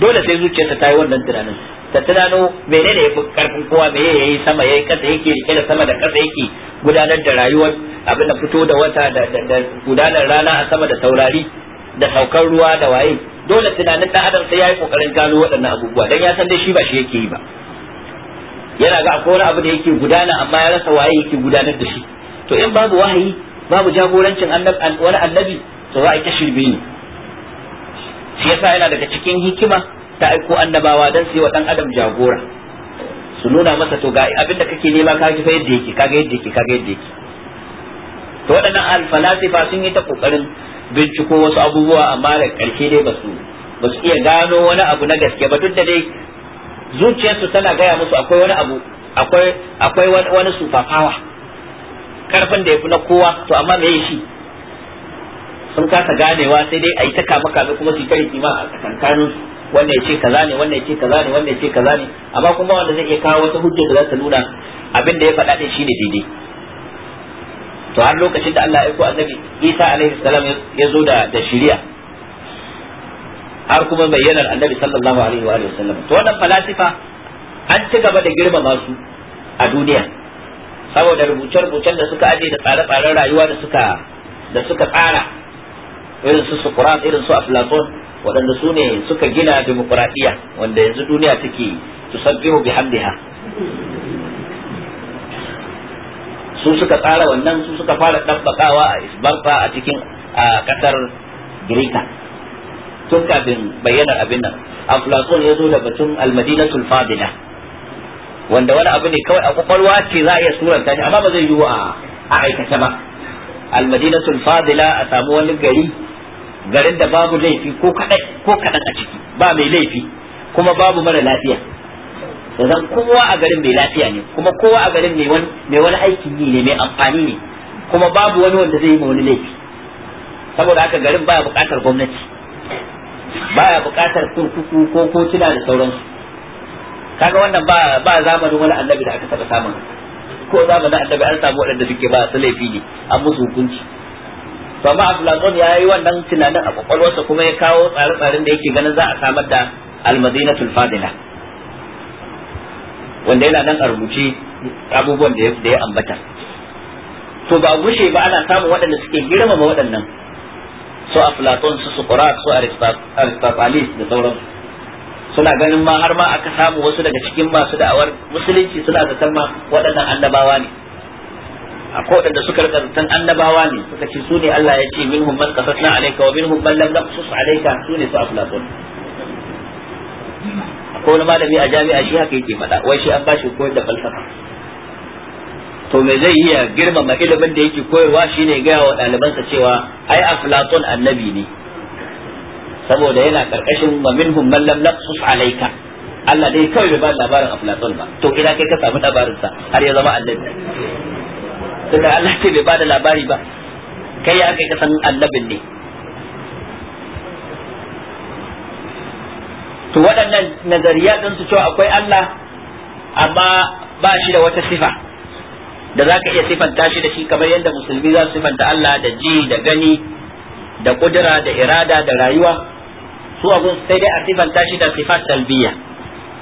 dole sai zuciyarsa ta yi wannan tunanin ta tunano menene ya fi karfin kowa me yayi sama yayi kasa yake rike da sama da kasa yake gudanar da rayuwar abin da fito da wata da gudanar rana a sama da taurari da saukar ruwa da waye dole tunanin dan adam sai yayi kokarin gano waɗannan abubuwa dan ya san dai shi ba shi yake yi ba yana ga akwai wani abu da yake gudana amma ya rasa waye yake gudanar da shi to in babu wahayi babu jagorancin wani annabi to za a ta shirme shi yasa yana daga cikin hikima ta aiko annabawa dan sai wa dan adam jagora su nuna masa to ga abin da kake nema ka ji fa yadda yake kaga yadda yake kaga yadda yake to waɗannan alfalasifa sun yi ta kokarin binciko wasu abubuwa amma da ƙarshe dai basu basu iya gano wani abu na gaske ba duk da dai zuciyarsu tana gaya musu akwai wani abu akwai akwai wani sufafawa karfin da yafi na kowa to amma me shi sun kasa ganewa sai dai a yi ta kama kame kuma su kai kima a tsakankanin wannan ya ce kaza ne wannan ya ce kaza ne wannan ya ce kaza ne amma kuma wanda zai iya kawo wata hujja da za ta nuna abin da ya faɗa shi shine daidai to har lokacin da Allah ya aiko annabi Isa alaihi salam ya zo da da shari'a har kuma yanar annabi sallallahu alaihi wa wasallam to wannan falasifa an ci gaba da girmama su a duniya saboda rubuce-rubucen da suka aje da tsare-tsaren rayuwa da suka da suka tsara irin su Socrates irin su Aflatun waɗanda su ne suka gina demokuraɗiyya wanda yanzu duniya take tusabbihu bihamdiha su suka tsara wannan su suka fara ɗabbakawa a Isbarta a cikin a ƙasar Girka tun kafin bayyanar abin nan aflatun ya zo da batun almadinatul fadila wanda wani abu ne kawai a kwakwalwa ce za a iya suranta shi amma ba zai yiwu a aikace ba almadinatul fadila a samu wani gari garin da babu laifi ko kadai ko kadan a ciki ba mai laifi kuma babu mara lafiya zan kowa a garin mai lafiya ne kuma kowa a garin mai wani aikin yi ne mai amfani ne kuma babu wani wanda zai yi ma wani laifi saboda haka garin baya bukatar gwamnati baya buƙatar kurkuku ko ko kotuna da sauransu kaga wannan ba ba zamanin wani annabi da aka taba samun ko zamanin annabi an samu waɗanda suke ba su laifi ne an musu hukunci to amma ya yi wannan tunanin a kwakwalwarsa kuma ya kawo tsare-tsaren da yake ganin za a samar da Al-Madinatul fadila wanda yana nan a rubuce abubuwan da ya ambata to ba gushe ba ana samun waɗanda suke girmama waɗannan su aflaton su sukurat su aristotelis da sauransu suna ganin ma har ma aka samu wasu daga cikin masu da'awar musulunci suna zaton ma waɗannan annabawa ne A akwai da suka rika zaton annabawa ne suka ce su ne Allah ya ce minhum man qasasna alayka wa minhum man lam naqsus alayka su ne su aflaton akwai wani malami a jami'a shi haka yake faɗa wai shi an bashi koyar da falsafa to me zai iya girmama ilimin da yake koyarwa shine gaya wa ɗalibansa cewa ai aflatun annabi ne saboda yana karkashin ma minhum man lam naqsus alayka Allah dai kawai bai ba labarin aflatun ba to ina kai ka samu labarin sa har ya zama annabi da Allah ce bai ba da labari ba kai ya kai ka san annabin ne to waɗannan nazariya din su cewa akwai Allah amma ba shi da wata sifa da za ka iya sifanta shi da shi kamar yadda musulmi za su sifanta Allah da ji da gani da kudura da irada da rayuwa su abun sai dai a sifanta shi da sifat talbiya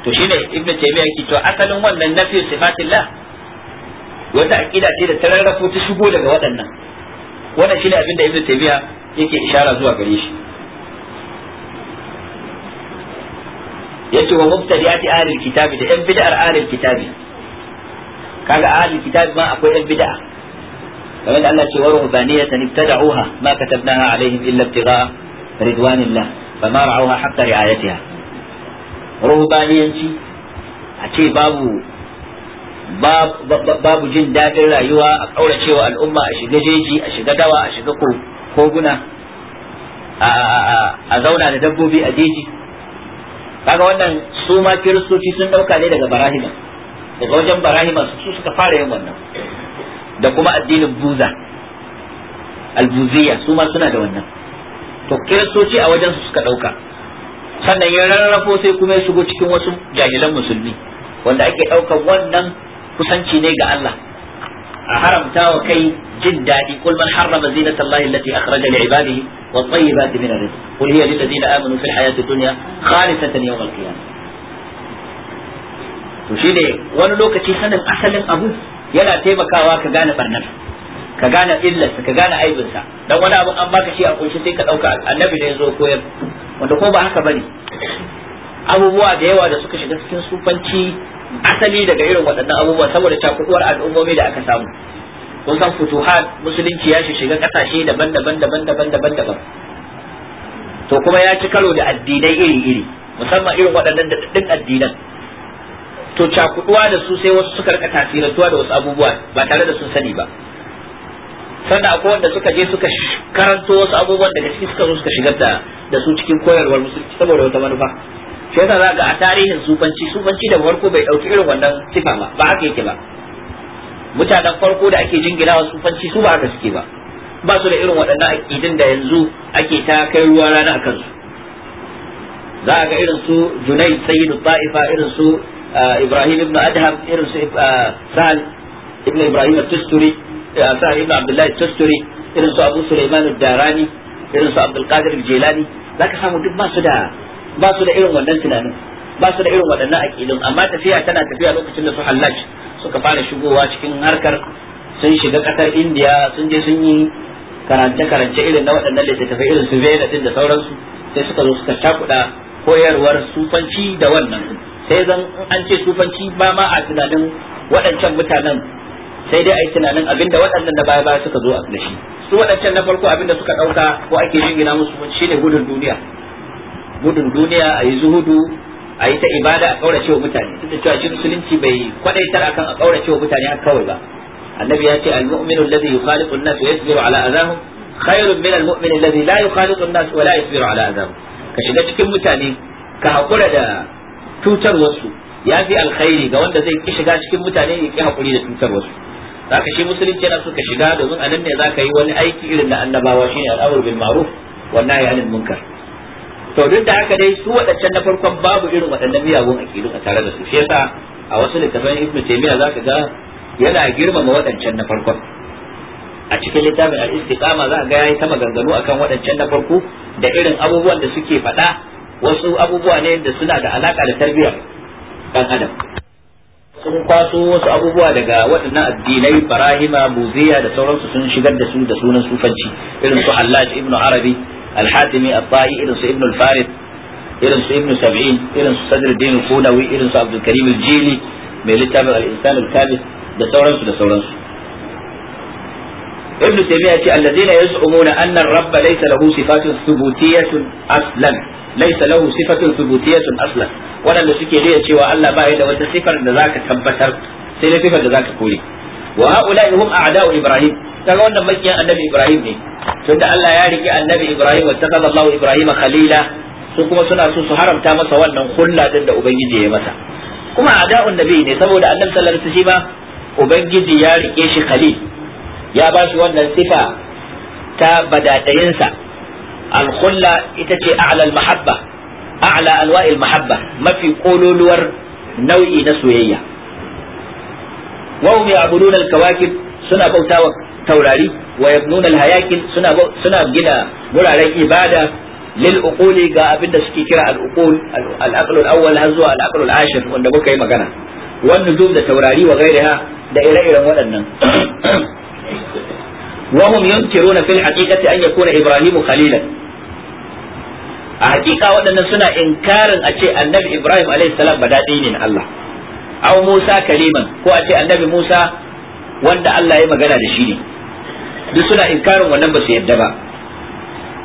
to shine ibn taymiya yake to asalin wannan nafi sifatillah wata aqida ce da tararrafu ta shigo daga waɗannan wannan shine abin da ibn taymiya yake ishara zuwa gare shi yace wa mubtadi'ati ahli kitabi da yan bid'ar ahli kitabi kaga ahlul kitab ma akwai yan bid'a kamar da Allah ce wa ruhbaniyatan ibtada'uha ma katabnaha alaihim illa ibtigha'a ridwanillah fama ra'awha haqqa ri'ayatiha ruhbaniyanci a ce babu babu jin daɗin rayuwa a ƙauracewa al'umma a shiga jeji a shiga dawa a shiga koguna a zauna da dabbobi a jeji kaga wannan su ma kiristoci sun ɗauka ne daga barahima daga wajen barahima su suka fara yin wannan da kuma addinin buza albuziya su ma suna da wannan to kiristoci a wajen su suka ɗauka sannan ya rarrafo sai kuma ya shigo cikin wasu jahilan musulmi wanda ake ɗaukar wannan kusanci ne ga Allah a haramta wa kai jin daɗi kul man harrama zinata Allah allati akhraja li ibadihi wa tayyibati min rizq qul hiya lil ladina amanu fil hayati dunya khalisatan yawm al qiyamah to shi ne wani lokaci sanin asalin abu yana taimakawa ka gane barnar ka gane illarsa ka gane aibinsa dan wani abu an baka shi a kunshi sai ka dauka annabi ne zo koyar wanda ko ba haka bane abubuwa da yawa da suka shiga cikin sufanci asali daga irin waɗannan abubuwa saboda cakuduwar al'ummomi da aka samu kun san futuhat musulunci ya shiga kasashe daban-daban daban-daban daban-daban to kuma ya ci karo da addinai iri-iri musamman irin waɗannan da addinan to cakuduwa da su sai wasu suka rika tasirantuwa da wasu abubuwa ba tare da sun sani ba sannan akwai wanda suka je suka karanto wasu abubuwan daga ciki suka zo suka shigar da da su cikin koyarwar musulunci saboda wata manufa shi yasa za ga a tarihin sufanci sufanci da farko bai dauki irin wannan sifa ba ba haka yake ba mutanen farko da ake wasu sufanci su ba haka suke ba ba su da irin waɗannan aƙidin da yanzu ake ta kai ruwa rana a kansu za a ga irin su junai sayyidu ta'ifa irin su ibrahim ibn adham irin su ابن ibn التستري سهل ابن عبد الله التستري ابو irin su abu عبد القادر darani irin su abdul qadir al-jilani samu duk ba da irin wannan tunanin ba da irin waɗannan aƙidun amma tafiya tana tafiya lokacin da su hallaj suka fara shigowa cikin harkar sun shiga ƙasar indiya sun je sun yi karance-karance irin na waɗannan littattafai irin su veda din da sauransu sai suka zo suka cakuɗa koyarwar sufanci da wannan sai zan an ce sufanci ba ma a tunanin waɗancan mutanen sai dai a yi tunanin abinda waɗannan da baya baya suka zo a da shi su waɗancan na farko abinda suka ɗauka ko ake jingina musu ne gudun duniya gudun duniya a yi zuhudu a yi ta ibada a ƙaurace wa mutane duk da cewa shi musulunci bai kwadaitar akan a ƙaurace wa mutane a kawai ba annabi ya ce al-mu'minu alladhi yukhaliqu an-nas wa yasbiru ala adahum khairun min al-mu'min alladhi la yukhaliqu an-nas wa la yasbiru ala adahum ka shiga cikin mutane ka hakura da wasu ya fi alkhairi ga wanda zai ki shiga cikin mutane ya ki hakuri da cutarwarsu zaka shi musulunci na suka shiga domin anan ne zaka yi wani aiki irin da annabawa shine al'amur bil ma'ruf wannan ya anil munkar to duk da haka dai su waɗancan na farkon babu irin waɗannan miyagun aƙidu a tare da su shi yasa a wasu littafan ibnu taymiya zaka ga yana girmama waɗancan na farkon a cikin littafin al-istiqama za ga yayi ta maganganu akan waɗancan na farko da irin abubuwan da suke faɗa wasu abubuwa ne da suna da alaka da tarbiyyar kan adam sun kwaso wasu abubuwa daga waɗannan addinai Farahima, buziya da sauransu sun shigar da su da sunan sufanci irin su hallaj Ibn arabi al-hatimi at-tahi irin su Ibn al-farid irin su Ibn sab'in irin su sadruddin al-qunawi irin su abdul karim al-jili mai littafin al-insan al-kamil da sauransu da sauransu ibnu taymiya ce alladhina yaz'umuna anna ar-rabb laysa lahu sifatun thubutiyyatun aslan laysa lahu sifatun thubutiyyatun aslan wadanda suke riya cewa Allah ba ya da wata sifar da zaka tabbatar sai na sifar da zaka kore wa haula'i hum a'da'u ibrahim kaga wannan makiyan annabi ibrahim ne tunda Allah ya riki annabi ibrahim wa ta Allah ibrahim khalila su kuma suna so su haramta masa wannan hulla din da ubangiji ya masa kuma a'da'un nabi ne saboda annabi sallallahu alaihi wasallam ubangiji ya rike shi khalil ya ba shi wannan sifa ta badadayinsa al ita ce a'la al-mahabba a'la mahabba mafi kololuwar nau'i na soyayya wa hum ya'buduna al-kawakib suna bautawa taurari wa yabnuna al suna suna gina wuraren ibada lil uquli ga abinda suke kira al-uqul al-aql al-awwal har zuwa al-aql al-ashir wanda muka yi magana wannan duk da taurari wa gairaha da ire-iren waɗannan وهم ينكرون في الحقيقة أن يكون ibrahimu خليلا a hakika waɗannan suna inkarin a ce annabi ibrahim alaihissalam ba daɗi ne na allah au musa kaliman ko a ce annabi musa wanda allah ya magana da shi ne duk suna inkarin wannan ba su yadda ba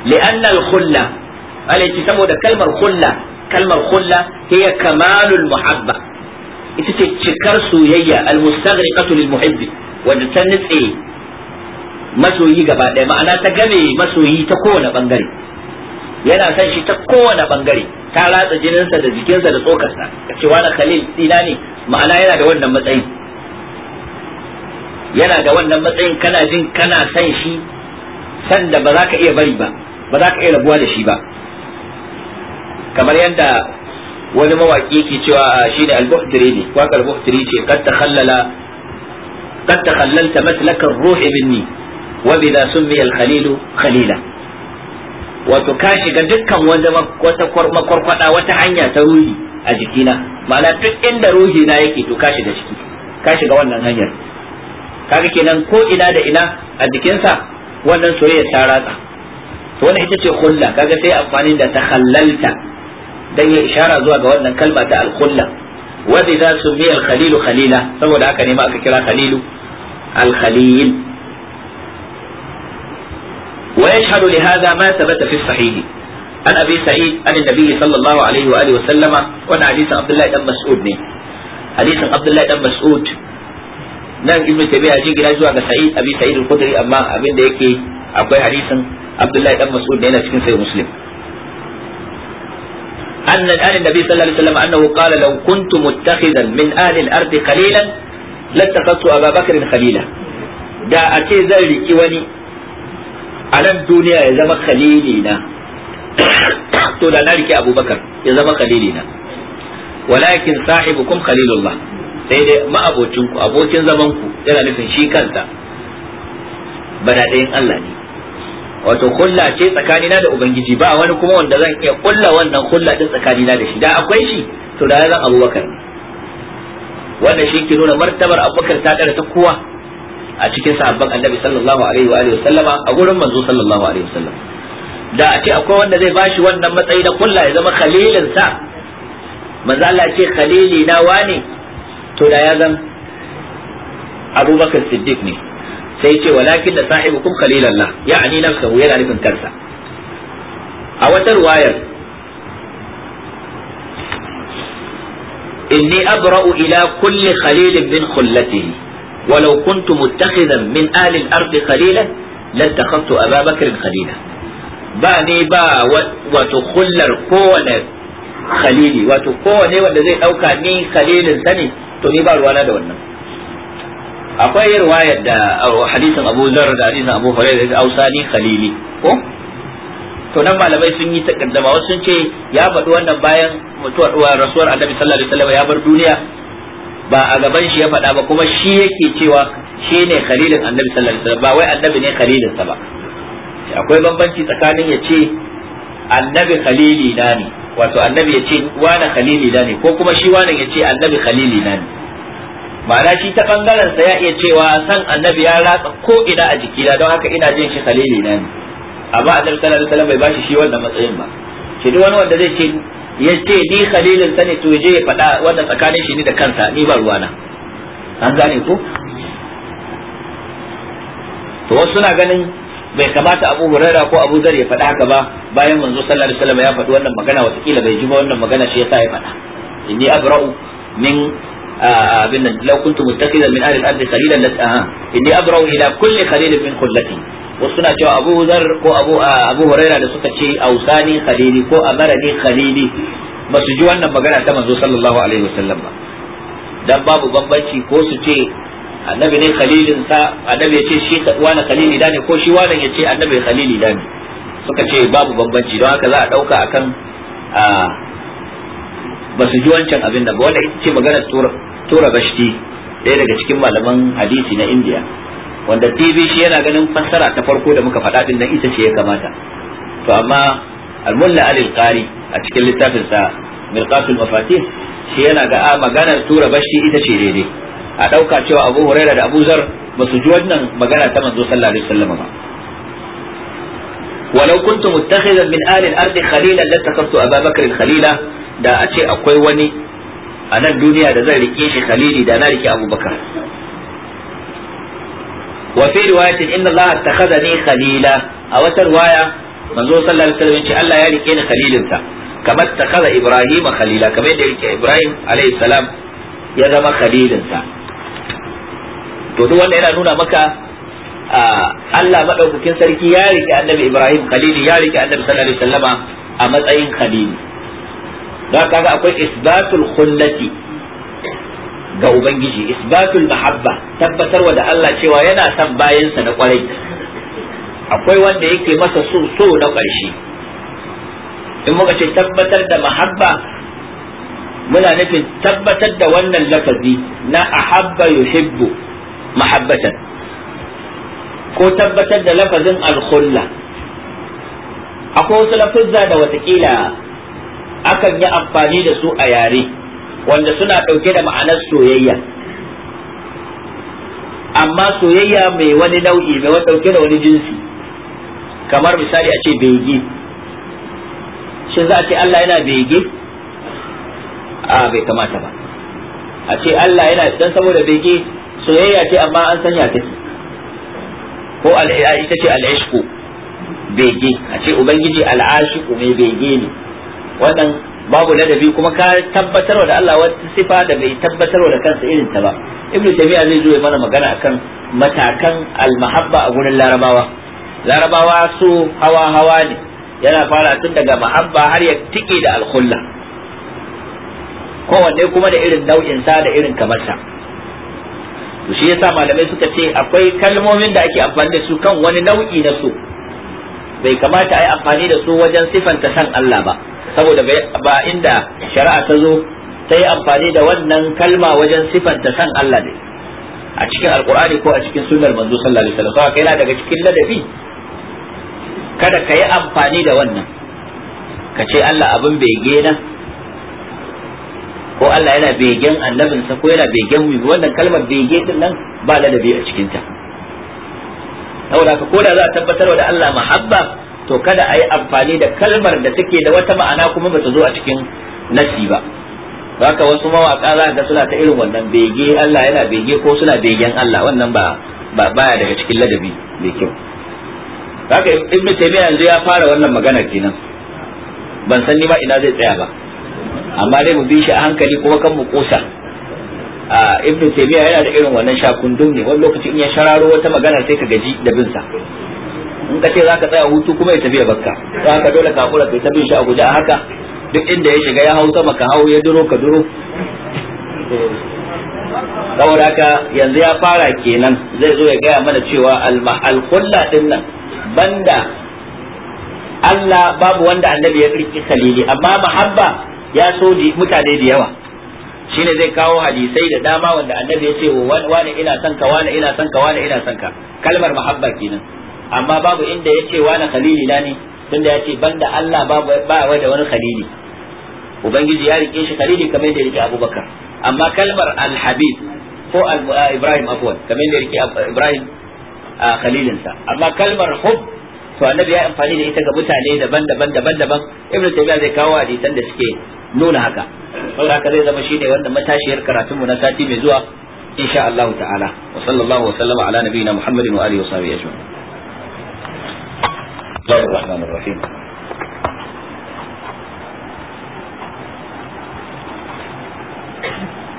li'annal khulla alaihi saboda kalmar khulla kalmar khulla hiya kamalul muhabba ita ce cikar soyayya al-mustaghriqatu lil muhibbi wanda ta nitse masoyi gaba ɗaya ma'ana ta game masoyi ta kowane bangare yana son shi ta kowane bangare ta ratsa jininsa da jikinsa da tsokarsa ka cewa na khalil dina ne ma'ana yana da wannan matsayin yana da wannan matsayin kana jin kana san shi sanda da ba za ka iya bari ba ba za ka iya rabuwa da shi ba kamar yadda wani mawaki yake cewa shi al-buhtiri ne waka al ce kad khallala kad ta khallalta matlakar ruhi minni wa bidha summiya al-khalil khalila wato ka shiga dukkan wanda wata makwarkwada wata hanya ta ruhi a jikina ma'ana duk inda ruhi na yake to ka shiga ciki ka shiga wannan hanyar kaga kenan ko ina da ina a jikinsa wannan soyayya ta ratsa to wannan ita ce khulla kaga sai amfani da ta halalta dan ya ishara zuwa ga wannan kalma ta al-khulla wa idza sumiya al-khalilu khalila saboda haka ne ma aka kira khalilu al-khalil ويشهد لهذا ما ثبت في الصحيح عن ابي سعيد عن النبي صلى الله عليه واله وسلم وانا حديث عبد الله بن مسعود ne hadisin Abdullahi dan Mas'ud nan Ibn Tabi'a ji gida zuwa ga Sa'id Abi Sa'id al-Khudri amma abin da yake akwai hadisin Abdullahi dan Mas'ud da yana cikin Sahih Muslim أن آل النبي صلى الله عليه وسلم أنه قال لو كنت متخذا من آل الأرض قليلا لاتخذت أبا بكر خليلا da a ce zan riki wani a nan duniya ya zama khalili na to da na rike abubakar ya zama khalili na walakin sahibukum khalilullah sai dai ma'abocin ku abokin zaman ku yana nufin shi kansa bana ɗayan Allah ne wato kulla ce tsakanina da ubangiji ba wani kuma wanda zan iya kulla wannan kulla din tsakanina da shi da akwai shi to da zan abubakar wannan shi ke nuna martabar abubakar ta ɗara ta kowa a cikin sahabban annabi sallallahu alaihi wa alihi wasallama a gurin manzo sallallahu alaihi wasallam da a ce akwai wanda zai bashi wannan matsayi da kulla ya zama khalilin sa manzo Allah ya ce khalili na wane to da ya zan Abubakar Siddiq ne sai ce walakin da sahibukum khalilallah ya'ani nafsuhu yana nufin kansa a wata ruwayar inni abra'u ila kulli khalilin min khullatihi ولو كنت متخذا من آل الأرض خليلا لاتخذت أبا بكر خليلا باني با وتخلر khalili, خليلي وتكون wanda zai dauka ni khalilin ne, to ni ba ruwana da wannan akwai yin riwayar da hadisin Abu Zar da hadisin Abu Hurairah da ni khalili ko to nan malamai sun yi takaddama wasu sun ce ya faɗi wannan bayan mutuwar rasuwar Annabi sallallahu alaihi wasallam ya bar duniya ba a gaban shi ya faɗa ba kuma shi yake cewa shi ne khalilin annabi sallallahu alaihi wasallam ba wai annabi ne khalilin sa ba akwai bambanci tsakanin ya ce annabi khalili na ne wato annabi ya ce wani khalili na ne ko kuma shi wani ya ce annabi khalili na ne ma'ana shi ta bangaren sa ya iya cewa san annabi ya ratsa ko ina a jikina don haka ina jin shi khalili na ne amma annabi sallallahu alaihi wasallam bai bashi shi wannan matsayin ba shi duk wani wanda zai ce ya ce ni khalilin sani to je ya faɗa wanda tsakanin shi ni da kansa ni ba ruwana an gane ko to wasu suna ganin bai kamata Abu Hurairah ko Abu Zar ya faɗa haka ba bayan manzo sallallahu alaihi wasallam ya faɗi wannan magana kila bai ji ba wannan magana shi yasa ya faɗa inni abra'u min abin nan law kuntu muttaqidan min ahli al-ardi khalilan la ta'a inni abra'u ila kulli khalilin min khullati wasu suna cewa abu zar ko abu abu huraira da suka ce ausani khalili ko ne khalili ba su ji wannan magana ta manzo sallallahu alaihi wasallam ba dan babu bambanci ko su ce annabi ne khalilin sa annabi ya ce shi wani khalili da ne ko shi wani ya ce annabi khalili da ne suka ce babu bambanci don haka za a dauka akan a ba su ji wancan abin da ba wanda ita ce maganar tura bashti ɗaya daga cikin malaman hadisi na indiya wanda TV shi yana ganin fassara ta farko da muka faɗa din nan ita ce ya kamata to amma al-mulla al-qari a cikin littafin sa mirqatul mafatih shi yana ga a ah, maganar tura bashi ita ce daidai a dauka cewa Abu huraira da Abu Zar ba su ji wannan magana ta manzo sallallahu alaihi wasallam ba ولو كنت min ahli al-ard khalila لاتخذت أبا بكر Khalila da a ce akwai wani a nan duniya da zan rike shi khalili da na rike abubakar wa fi riwayatin inna Allah takhadani khalila a wata riwaya manzo sallallahu alaihi wasallam Allah ya rike ni khalilinsa kamar takhada Ibrahim khalila kamar da rike Ibrahim alaihi salam ya zama khalilinsa to duk yana nuna maka Allah madaukakin sarki ya rike annabi Ibrahim khalili ya rike annabi sallallahu alaihi a matsayin khalili da kaga akwai isbatul Kunnati. ga ubangiji isbatul mahabba tabbatarwa da Allah cewa yana son bayansa na kwarai akwai wanda yake masa so so na ƙarshe in muka ce tabbatar da mahabba muna nufin tabbatar da wannan lafazi na ahabba yuhibbu mahabbatan ko tabbatar da lafazin alkhulla akwai wasu lafuzza da watakila akan yi amfani da su a yare wanda suna ɗauke da ma'anar soyayya amma soyayya mai wani nau'i mai wani ɗauke da wani jinsi kamar misali a ce bege shin za a ce Allah yana bege a bai kamata ba a ce Allah yana dan saboda bege soyayya ce amma an sanya ta ce ko ita ce al'ishku bege a ce ubangiji al'ashiku mai bege ne wannan babu ladabi kuma ka tabbatarwa da Allah wata sifa da bai wa da kansa irin ta ba ibnu tabi'a zai zo ya mana magana akan matakan almahabba a gurin larabawa larabawa su hawa hawa ne yana fara tun daga mahabba har ya tike da alkhulla kowanne kuma da irin nau'in sa da irin kamarsa to shi yasa malamai suka ce akwai kalmomin da ake amfani da su kan wani nau'i na so bai kamata a yi amfani da su wajen sifanta san Allah ba saboda ba inda shari'a ta zo ta yi amfani da wannan kalma wajen sifanta san Allah ne a cikin alkur'ani ko a cikin sunnar manzo sallallahu alaihi wasallam kai yana daga cikin ladabi kada ka yi amfani da wannan ka ce Allah abin bege na ko Allah yana begen annabinsa ko yana begen mu wannan kalmar bege din nan ba ladabi a cikin ta. saboda ka koda za a tabbatar da Allah mahabba to kada a yi amfani da kalmar da take da wata ma'ana kuma ba ta zo a cikin nasi ba haka wasu mawaka za ga suna ta irin wannan bege Allah yana bege ko suna begen Allah wannan ba ba baya daga cikin ladabi mai kyau haka ibn taymiya yanzu ya fara wannan magana kenan ban san ni ma ina zai tsaya ba amma dai mu bi shi a hankali kuma kan mu kosa ibn taymiya yana da irin wannan shakundun ne wani lokaci in ya shararo wata magana sai ka gaji da bin sa in ka ce zaka tsaya hutu kuma ya tafi tafiya bakka Za ka dole ka kula kai ta bin shi a guda haka duk inda ya shiga ya hau sama ka hau ya duro ka duro saboda haka yanzu ya fara kenan zai zo ya gaya mana cewa al-kulla din nan banda Allah babu wanda annabi ya kirki khalili amma mahabba ya so mutane da yawa shine zai kawo hadisai da dama wanda annabi ya ce wani ina son ka wani ina son ka wani ina son ka kalmar mahabba kenan amma babu inda ya ce wani khalili na ne tunda ya ce banda Allah babu ba wai da wani khalili ubangiji ya rike shi khalili kamar yadda ya rike Abubakar amma kalmar al-habib ko uh, Ibrahim afwan kamar yadda ya rike Ibrahim uh, khalilinsa amma kalmar hubb to annabi ya amfani da ita ga mutane daban-daban daban-daban ibn taymiya zai kawo hadisan da suke nuna haka saboda haka zai zama shine wannan matashiyar karatun mu na sati mai zuwa insha Allah ta'ala wa sallallahu wa sallama ala nabiyina Muhammadin wa alihi wa sahbihi ajma'in Bismillahir Rahmanir Rahim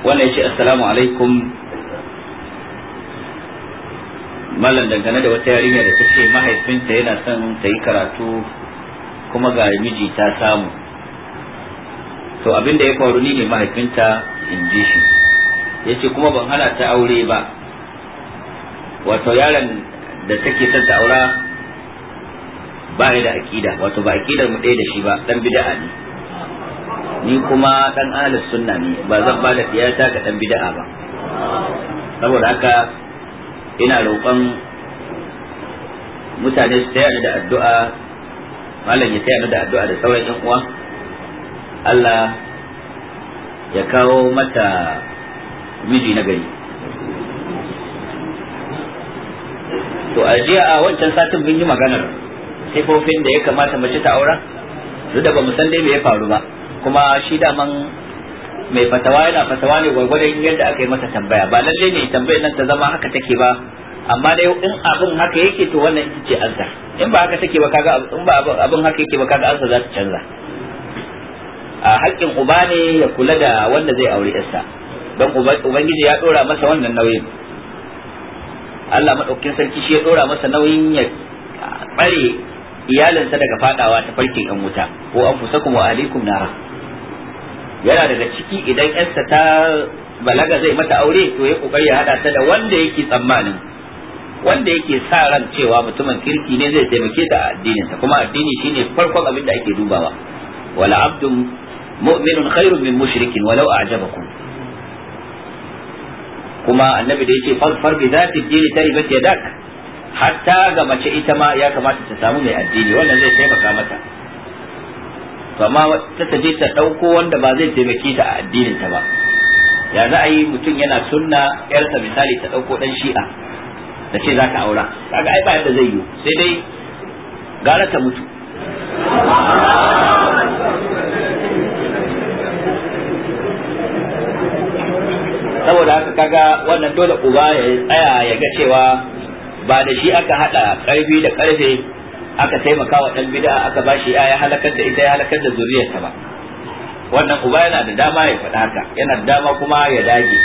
wannan yace assalamu alaikum malam dangane da wata yarinya da ta ce mahaifinta yana son ta yi karatu kuma ga miji ta samu to abin da ya faru ni ne mahaifinta in ji shi ya ce kuma ban hana ta aure ba wato yaron da take son ta aura ba ya da akida wato ba akidar mu ɗaya da shi ba dan bid'a ne ni kuma ɗan ahlus sunna ne ba zan ba da tiyata ga dan bid'a ba saboda haka ina roƙon mutane su taya da addu'a malam ya taya da addu'a da sauran yan uwa Allah ya kawo mata miji na gari to a jiya a wancan satin bin yi maganar sifofin da ya kamata mace ta aura duk da ba mu san dai me ya faru ba kuma shi daman mai fatawa yana fatawa ne gwargwadon yadda aka yi masa tambaya ba lalle ne tambayar nan ta zama haka take ba amma dai in abin haka yake to wannan ita ce ansa in ba haka take ba kaga in ba abin haka yake ba kaga ansa za ta canza a haƙƙin uba ne ya kula da wanda zai aure yarsa don ubangiji ya dora masa wannan nauyin Allah madaukakin sarki shi ya dora masa nauyin ya bare iyalinsa daga fadawa ta farkin yan wuta ko an fusakum wa alaikum nara yana daga ciki idan yarsa ta balaga zai mata aure to ya kokari ya hada ta da wanda yake tsammanin wanda yake sa ran cewa mutumin kirki ne zai taimake ta addinin ta kuma addini shine farkon abin da ake dubawa wala abdun mu'minun khairun min mushrikin walau a'jabakum kuma annabi da yace far bi zati dini taribat yadak hatta ga mace ita ma ya kamata ta samu mai addini wannan zai taimaka mata Ba ma ta taje ta ɗauko wanda ba zai taimake ta a addinin ta ba ya za a yi mutum yana sunna yarsa misali ta ɗauko ɗan shi'a da ce za ka aura kaga ai ba yadda zai yi sai dai gara ta mutu saboda haka kaga wannan dole uba ya tsaya ya ga cewa ba da shi aka haɗa ƙarfi da ƙarfe aka taimaka wa dan bid'a aka bashi ya halakar da ita ya halakar da zuriyarsa ba wannan uba yana da dama ya faɗa haka yana da dama kuma ya dage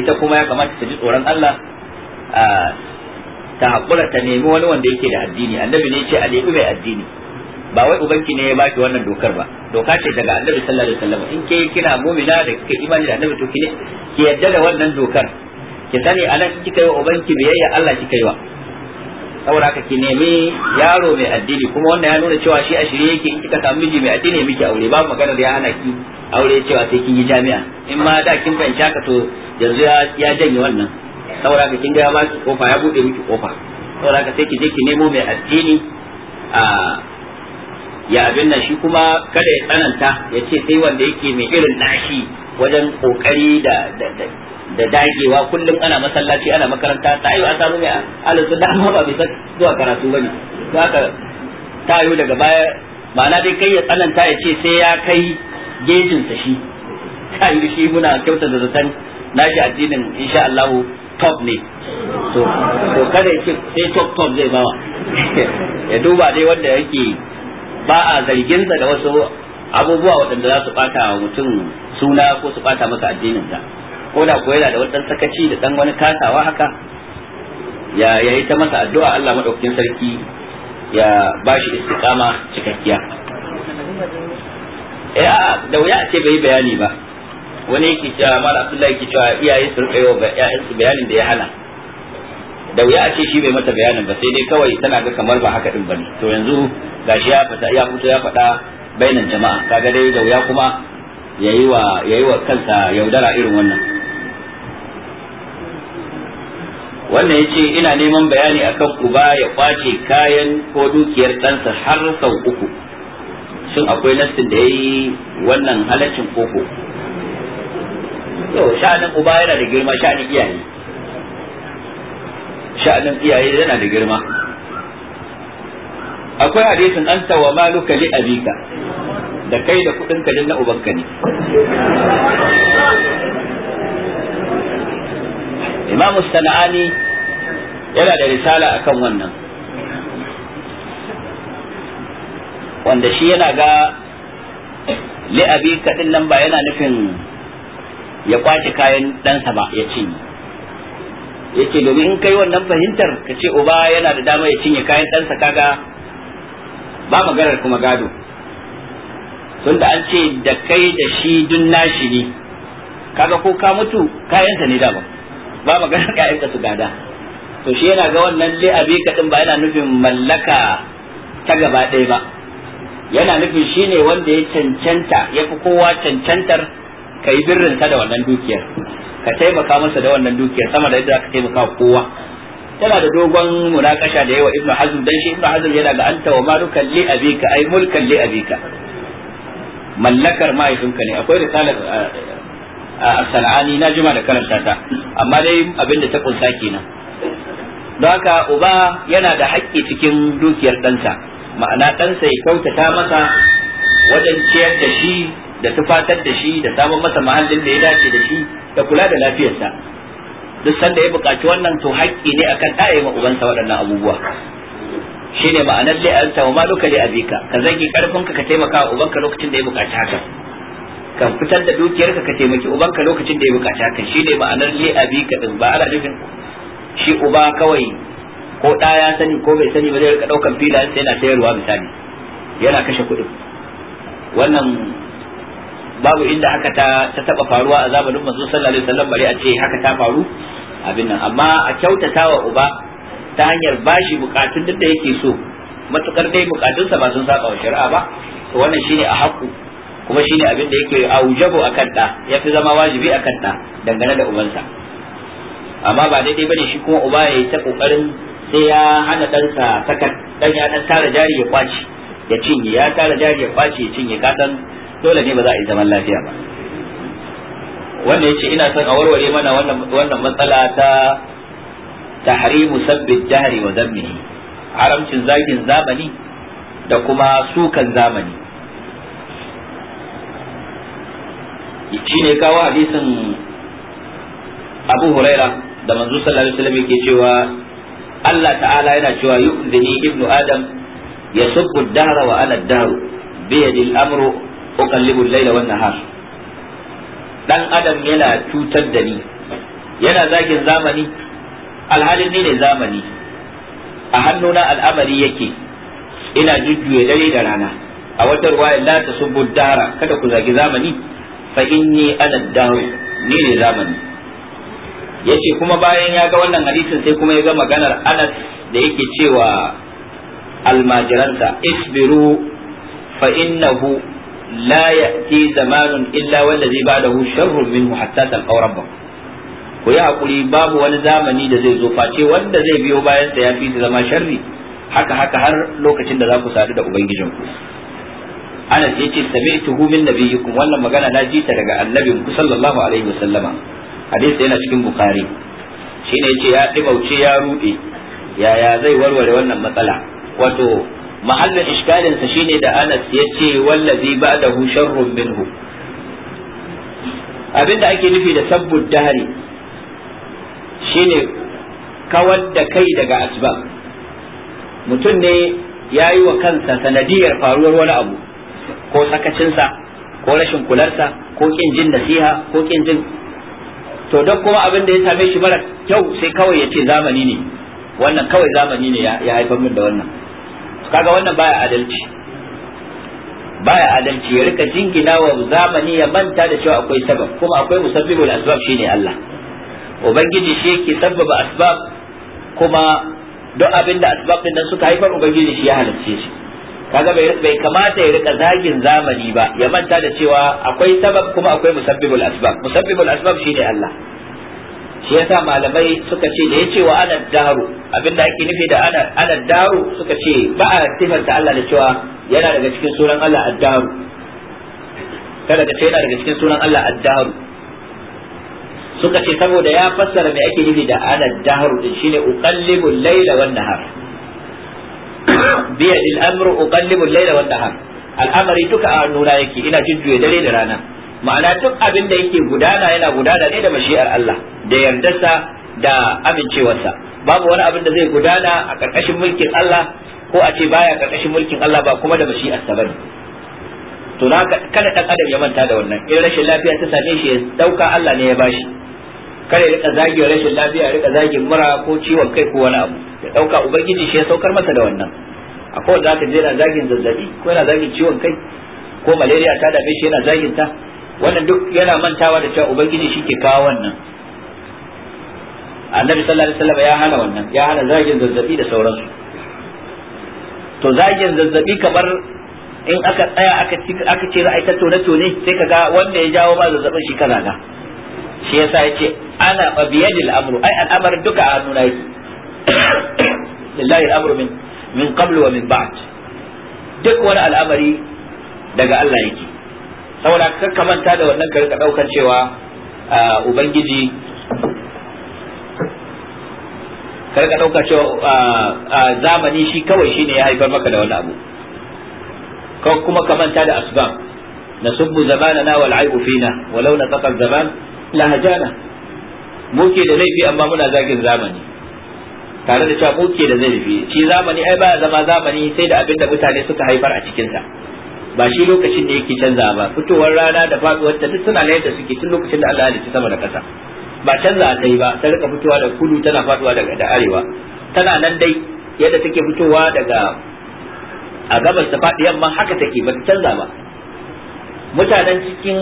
ita kuma ya kamata ta ji tsoron Allah ta haƙura ta nemi wani wanda yake da addini annabi ne ce a mai addini ba wai ubanki ne ya baki wannan dokar ba doka ce daga annabi sallallahu alaihi wasallam in ke kina mu'mina da kike imani da annabi to ki ne ki yadda da wannan dokar ki sani anan kika yi wa ubanki biyayya Allah kika yi wa saboda haka ki nemi yaro mai addini kuma wannan ya nuna cewa shi a shirye yake in kika samu miji mai addini ya miki aure babu magana da ya hana ki aure cewa sai kin yi jami'a in ma da kin fahimci haka to yanzu ya janye wannan saboda haka kin ga ya ki kofa ya bude miki kofa saboda haka sai ki je ki nemo mai addini a ya abin nan shi kuma kada ya tsananta ya ce sai wanda yake mai irin nashi wajen kokari da da dagewa kullum ana masallaci ana makaranta ta yi an samu ne alin da amma ba bisa zuwa karatu bane to haka ta yi daga baya ma'ana dai kai ya tsananta ya ce sai ya kai gejin sa shi ta yi shi muna kyauta da nashi addinin insha Allah top ne to to kada ya ce sai top top zai bawa ya duba dai wanda yake ba a zargin sa da wasu abubuwa waɗanda za su bata mutum suna ko su bata masa addinin sa ko da ko yana da wani sakaci da dan wani kasawa haka ya yayi ta masa addu'a Allah madaukakin sarki ya bashi istiqama cikakkiya ya eh, da wuya ce bai bayani ba wani yake cewa mala abdullahi yake cewa iyaye su rika yawa ƴaƴansu bayanin da ya hana da wuya ce shi bai mata bayanin ba sai dai kawai tana ga kamar ba haka din bane to yanzu gashi ya fata ya fito ya faɗa bayanan jama'a kaga dai da wuya kuma yayi wa yayi wa kansa yaudara irin wannan wannan yace ina neman bayani akan uba ya kwace kayan ko dukiyar ɗansa har sau uku shin akwai nassin da yayi wannan halaccin koko yau sha'anin uba yana da girma sha'anin iyaye sha'anin iyaye yana da girma akwai hadisin anta wa maluka li abika da kai da kudin ka na ubanka ne imamu sana'ani yana da risala akan wannan wanda shi yana ga li'abi kaɗin nan ba yana nufin ya kwace kayan ɗansa ba ya cinye ya domin in kai wannan fahimtar ka ce uba yana da dama ya cinye kayan ɗansa kaga ba maganar kuma gado tunda an ce da kai da shi dun nashi ne kaga ko ka mutu kayansa ne ba. ba maganar ƴaƴanka su gada to shi yana ga wannan li'abi kadin ba yana nufin mallaka ta gaba ɗaya ba yana nufin shine wanda ya cancanta ya fi kowa cancantar ka yi birrinta da wannan dukiyar ka taimaka masa da wannan dukiyar sama da yadda ka taimaka kowa tana da dogon munakasha da yawa ibnu hazm dan shi ibnu hazm yana ga anta wa malukan li abika ay mulkan li abika mallakar mahaifinka ne akwai risalar a sal'ani, na jima da karanta ta amma dai abin da ta kunsa kenan don haka uba yana da haƙƙi cikin dukiyar ɗansa ma'ana ɗansa ya kyautata masa wajen ciyar da shi da tufatar da shi da samun masa muhallin da ya dace da shi da kula da lafiyarsa duk sanda ya buƙaci wannan to haƙƙi ne akan ɗaya ma ubansa waɗannan abubuwa shine ma'anar li anta ma maluka a abika ka zagi karfin ka ka taimaka wa ubanka lokacin da ya buƙaci haka Kan fitar da dukiyarka ka taimaki uban ka lokacin da ya bukata ka shi ne ma'anar li abika din ba ana nufin shi uba kawai ko ɗa ya sani ko bai sani ba zai rika ɗaukan filayen sai yana sayarwa misali yana kashe kuɗi. wannan babu inda haka ta ta taba faruwa a zamanin manzo sallallahu alaihi wasallam bare a ce haka ta faru abin nan amma a kyautatawa uba ta hanyar bashi bukatun duk da yake so matukar dai bukatunsa ba sun saba wa shari'a ba to wannan shine a haƙu kuma shine abin da yake a aujabu kanta ya fi zama wajibi akan kanta dangane da ubansa amma ba daidai bane shi kuma uba ya yi ta kokarin sai ya hana ɗansa sakat dan ya dan tara jari ya kwaci ya cinye ya tara jari ya kwaci ya cinye ka san dole ne ba za a yi zaman lafiya ba wanda yace ina son a warware mana wannan matsala ta tahrimu sabbi jahri wa zammihi haramcin zagin zamani da kuma sukan zamani ne kawo hadisin Abu Huraira da manzo sallallahu alaihi wasallam yake cewa Allah ta'ala yana cewa yu'zini ibnu adam yasubbu ad-dahra wa ana ad-dahr bi yadi al-amru uqallibu al-layla an nahar dan adam yana cutar da ni yana zagin zamani alhalin ni ne zamani a hannuna al'amari yake ina jujjuya dare da rana a wata ruwaya la tasubbu ad-dahra kada ku zagi zamani fa inni ana dawo ni ne zamani yace kuma bayan ya ga wannan hadisin sai kuma ya ga maganar Anas da yake cewa almajiranta. isbiru fa innahu la ya'ti zamanun illa wallazi ba'dahu sharrun minhu hatta talqaw rabbakum ku yi hakuri babu wani zamani da zai zo face wanda zai biyo bayan sa ya fi zama sharri haka haka har lokacin da za ku sadu da ubangijinku anas yace sami'tuhu min nabiyyikum wannan magana na ji ta daga annabin ku sallallahu alaihi wasallama hadisi yana cikin bukhari shine yace ya dibauce ya rude yaya zai warware wannan matsala wato mahallin iskalin sa shine da anas yace wallazi ba'dahu sharrun minhu abinda ake nufi da sabbud dahari shine kawar da kai daga asbab mutum ne ya yi wa kansa sanadiyar faruwar wani abu ko sakacinsa ko rashin kularsa ko kin jin nasiha ko kin jin to don kuma abin da ya same shi mara kyau sai kawai ya ce zamani ne wannan kawai zamani ne ya haifar min da wannan kaga wannan baya adalci baya adalci ya rika jingina wa zamani ya manta da cewa akwai sabab kuma akwai musabbibul asbab shine Allah ubangiji shi yake sabbaba asbab kuma duk abin da asbab din nan suka haifar ubangiji shi ya halicce shi kaga bai kamata ya rika zagin zamani ba ya manta da cewa akwai sabab kuma akwai musabbibul asbab musabbibul asbab shine Allah shi yasa malamai suka ce da yace wa ana daru abinda ake nufi da ana ana daru suka ce ba a sifanta Allah da cewa yana daga cikin sunan Allah ad-daru kada ka ce yana daga cikin sunan Allah ad-daru suka ce saboda ya fassara me ake nufi da ana daru din shine uqallibul laila wan nahar biyar al'amru uqallibu al-layla wan nahar al'amari duka a nuna yake ina jujjuya dare da rana ma'ana duk abin da yake gudana yana gudana ne da mashi'ar Allah da yardarsa da amincewarsa babu wani abin da zai gudana a karkashin mulkin Allah ko a ce baya karkashin mulkin Allah ba kuma da sa bane to na kada dan adam ya manta da wannan in rashin lafiya ta same shi ya dauka Allah ne ya bashi kare rika zagin rashin lafiya rika zagin mura ko ciwon kai ko wani abu ya dauka ubangiji shi ya saukar masa da wannan akwai wanda zaka je na zagin zazzabi ko yana zagin ciwon kai ko malaria ta dame shi yana zagin ta wannan duk yana mantawa da cewa ubangiji shi ke kawo wannan annabi sallallahu alaihi wasallam ya hana wannan ya hana zagin zazzabi da sauransu to zagin zazzabi kamar in aka tsaya aka ce za a yi ta tone-tone sai ka ga wanda ya jawo ba zazzabin shi kaza ga shi yasa ce ana fa biyadil amru ai al'amarin duka a hannuna yake lillahi al'amru min min qablu wa min ba'd duk wani al'amari daga Allah yake saboda ka manta da wannan ka rika daukar cewa ubangiji ka rika daukar cewa zamani shi kawai shine ya haifar maka da wani abu Ko kuma ka manta da asbab nasubbu zamanana wal aibu fina walau na zaman lahajana muke da laifi amma muna zagin zamani tare da cewa muke da zarfi shi zamani ai baya zama zamani sai da abin da mutane suka haifar a cikinsa ba shi lokacin da yake canza ba fitowar rana da faduwar ta duk suna na da suke tun lokacin da Allah ya ci sama da ƙasa ba canza ta yi ba ta rika fitowa da kudu tana faduwa daga da arewa tana nan dai yadda take fitowa daga a gabas ta faɗi yamma haka take ba ta canza ba mutanen cikin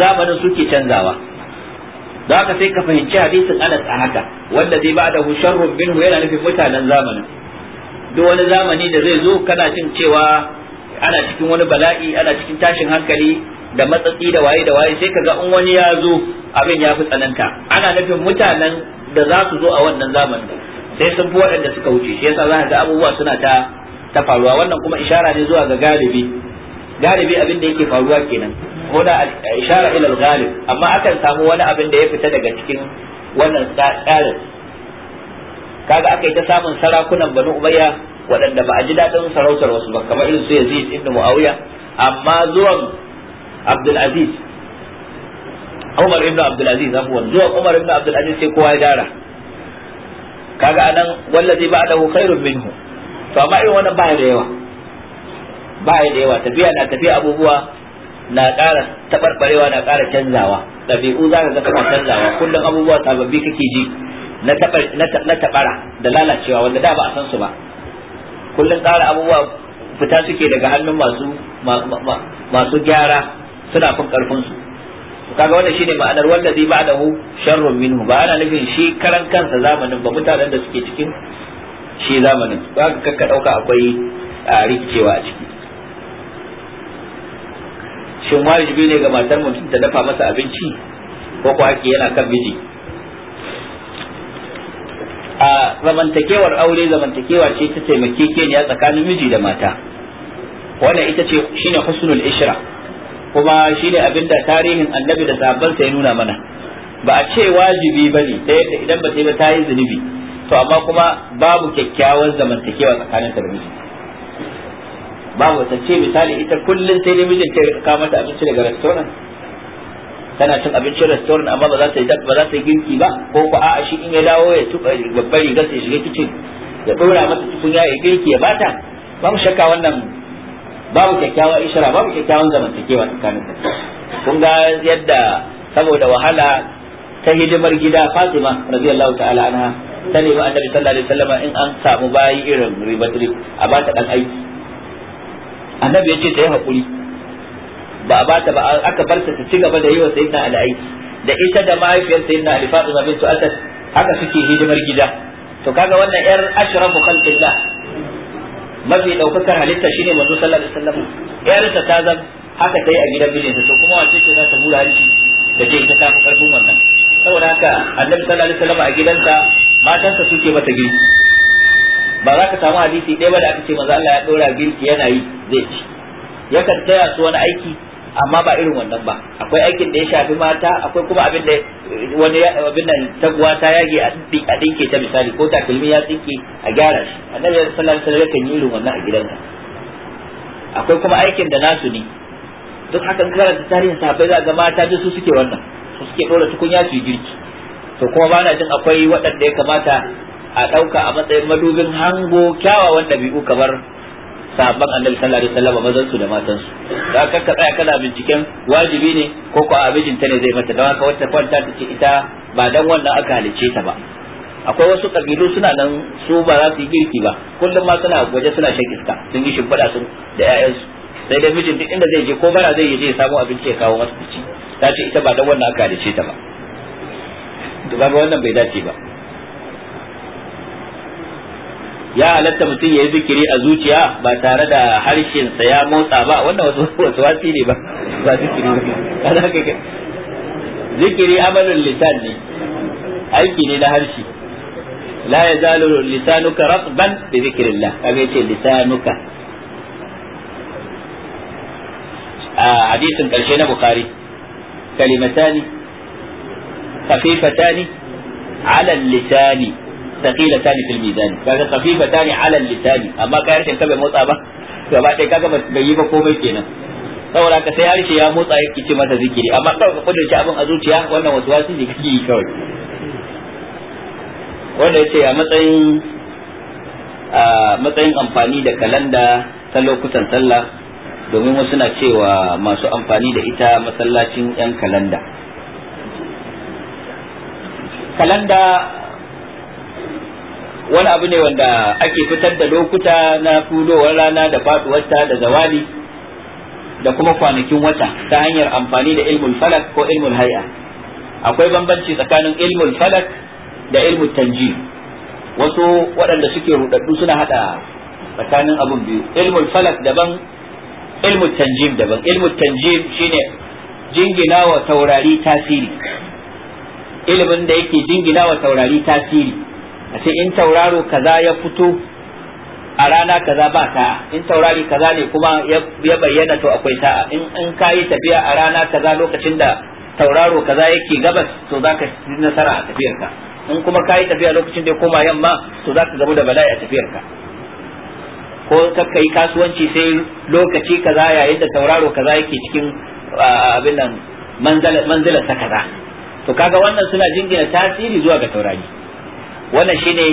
zamanin suke canzawa da haka sai ka fahimci hadisin Anas a haka wanda zai ba da sharrun minhu yana nufin mutanen zamanin duk wani zamani da zai zo kana jin cewa ana cikin wani bala'i ana cikin tashin hankali da matsatsi da waye da waye sai kaga in wani ya zo abin ya fi tsananta ana nufin mutanen da za su zo a wannan zamanin sai sun fi waɗanda suka wuce shi yasa za ga abubuwa suna ta ta faruwa wannan kuma ishara ne zuwa ga galibi galibi abin da yake faruwa kenan هنا إشارة إلى الغالب أما أكن سامو وانا أبن دي فتدق تكين وانا قالت كاغا ta samun sarakunan banu أمية waɗanda ba a ji daɗin sarautar wasu ba kamar irin su Yazid ibn Muawiya amma zuwan Abdul Aziz Umar ibn Abdul Aziz afwan zuwan Umar ibn Abdul Aziz sai kowa ya dara kaga anan wallazi ba'dahu khairun minhu to amma irin wannan ba da yawa ba da yawa tafiya na tafiya abubuwa na ƙara taɓarɓarewa na ƙara canzawa ɗabi'u za ka ga canzawa kullum abubuwa sababbi kake ji na taɓara da lalacewa wanda da ba a san su ba kullum ƙara abubuwa fita suke daga hannun masu gyara suna fin ƙarfin su kaga wannan shine ma'anar wanda ba da sharrun minhu ba ana nufin shi karan kansa zamanin ba mutanen da suke cikin shi zamanin ba ka kakka ɗauka akwai rikicewa a ciki shin wajibi ne ga matar mutum ta dafa masa abinci ko kuwa haƙƙi yana kan miji a zamantakewar aure zamantakewa ce ta taimake keniya tsakanin miji da mata wannan ita ce shine husnul ishra kuma shine abinda tarihin annabi da sahabbansa ya nuna mana ba a ce wajibi ba ne ta yadda idan ba ta yi ba ta yi zunubi to amma kuma babu kyakkyawan zamantakewa tsakanin da miji babu tance misali ita kullum sai dai mijin ta rika kawo mata abinci daga restaurant tana cin abincin restaurant amma ba za ta yi ba za ta yi girki ba ko ko a'a shi in ya dawo ya tuba babbar rigar sai shiga kicin ya dora mata tukunya ya girki ya bata babu shakka wannan babu kyakkyawan ishara babu kyakkyawan zamantakewa tsakanin kun ga yadda saboda wahala ta hidimar gida Fatima radiyallahu ta'ala anha ta nemi annabi sallallahu alaihi wasallam in an samu bayi irin ribatri a bata dan aiki annabi ce ta yi hakuri ba a bata ba aka bar ta ci gaba da yi wa sayyidina ali aiki da ita da mahaifiyar sayyidina ali fatima bintu asad haka suke hidimar gida to kaga wannan yar ashrafu khalqillah mafi daukakar halitta shine manzo sallallahu alaihi wasallam yar ta zan haka yi a gidan mijinta to kuma wace ce za ta hura hanci da ce ita ta fi karfin wannan saboda haka annabi sallallahu alaihi wasallam a gidansa matansa suke mata gidi ba za ka samu hadisi ɗaya ba da aka ce maza Allah ya ɗora girki yana yi zai ci yakan taya su wani aiki amma ba irin wannan ba akwai aikin da ya shafi mata akwai kuma abin da wani abin da taguwa ta yage a dinke ta misali ko takalmi ya tsinke a gyara shi annabi sallallahu alaihi wasallam yakan yi irin wannan a gidansa akwai kuma aikin da nasu ne duk haka karanta tarihin sahabbai za ga mata duk su suke wannan su suke dora tukunya su yi girki to kuma ba na jin akwai waɗanda ya kamata a ɗauka a matsayin madubin hango kyawawan ɗabi'u kamar sabon annabi sallallahu alaihi wasallam mazan su da matan su da ka ka tsaya kana binciken wajibi ne ko ko abijin ta ne zai mata da haka wata kwanta ta ce ita ba dan wannan aka halice ta ba akwai wasu kabilu suna nan su ba za su yi girki ba kullum ma suna waje suna shan iska sun yi shimfiɗa sun da su sai da mijin duk inda zai je ko bara zai je ya samu abinci ya kawo masa ci ta ce ita ba dan wannan aka halice ta ba to ba wannan bai dace ba ya halatta mutum ya yi zikiri a zuciya ba tare da harshensa ya motsa ba wannan wasu wasu wasi ne ba ba zikiri ba zikiri amalin lisan ne aiki ne na harshe la zalo lisanuka ratban bi A kaga yace lisanuka a hadisin karshe na bukhari kalimatani خفيفتان على اللسان thaqila tani fil mizan kaga khafifa tani ala lisani amma ka harshen ka bai motsa ba gaba ɗaya kaga bai yi ba komai kenan saboda ka sai harshe ya motsa yake mata masa zikiri amma kawai ka kudurci abin a zuciya wannan wasu wasu ne kake yi kawai wanda yace a matsayin a matsayin amfani da kalanda ta lokutan sallah domin wasu na cewa masu amfani da ita masallacin yan kalanda kalanda wani abu ne wanda ake fitar da lokuta na fulowar rana da ta da zawali da kuma kwanakin wata ta hanyar amfani da ilmul falak ko ilmul hay'a akwai bambanci tsakanin ilmul falak da ilmul tanji wasu waɗanda suke rudaddu suna hada tsakanin abun biyu ilmul falak daban ilmul tanjim daban ilmul tanjim shine jingina wa taurari tasiri ilimin da yake jingina wa taurari tasiri a in tauraro kaza ya fito a rana kaza ba sa'a in taurari kaza ne kuma ya bayyana to akwai sa'a in in yi tafiya a rana kaza lokacin da tauraro kaza yake gabas to zaka yi nasara a tafiyarka in kuma kayi tafiya lokacin da ya koma yamma to zaka gabu da bala'i a tafiyarka ko kakka yi kasuwanci sai lokaci kaza yayin da tauraro kaza yake cikin abin nan manzilar ta kaza to kaga wannan suna jingina tasiri zuwa ga taurari wannan ne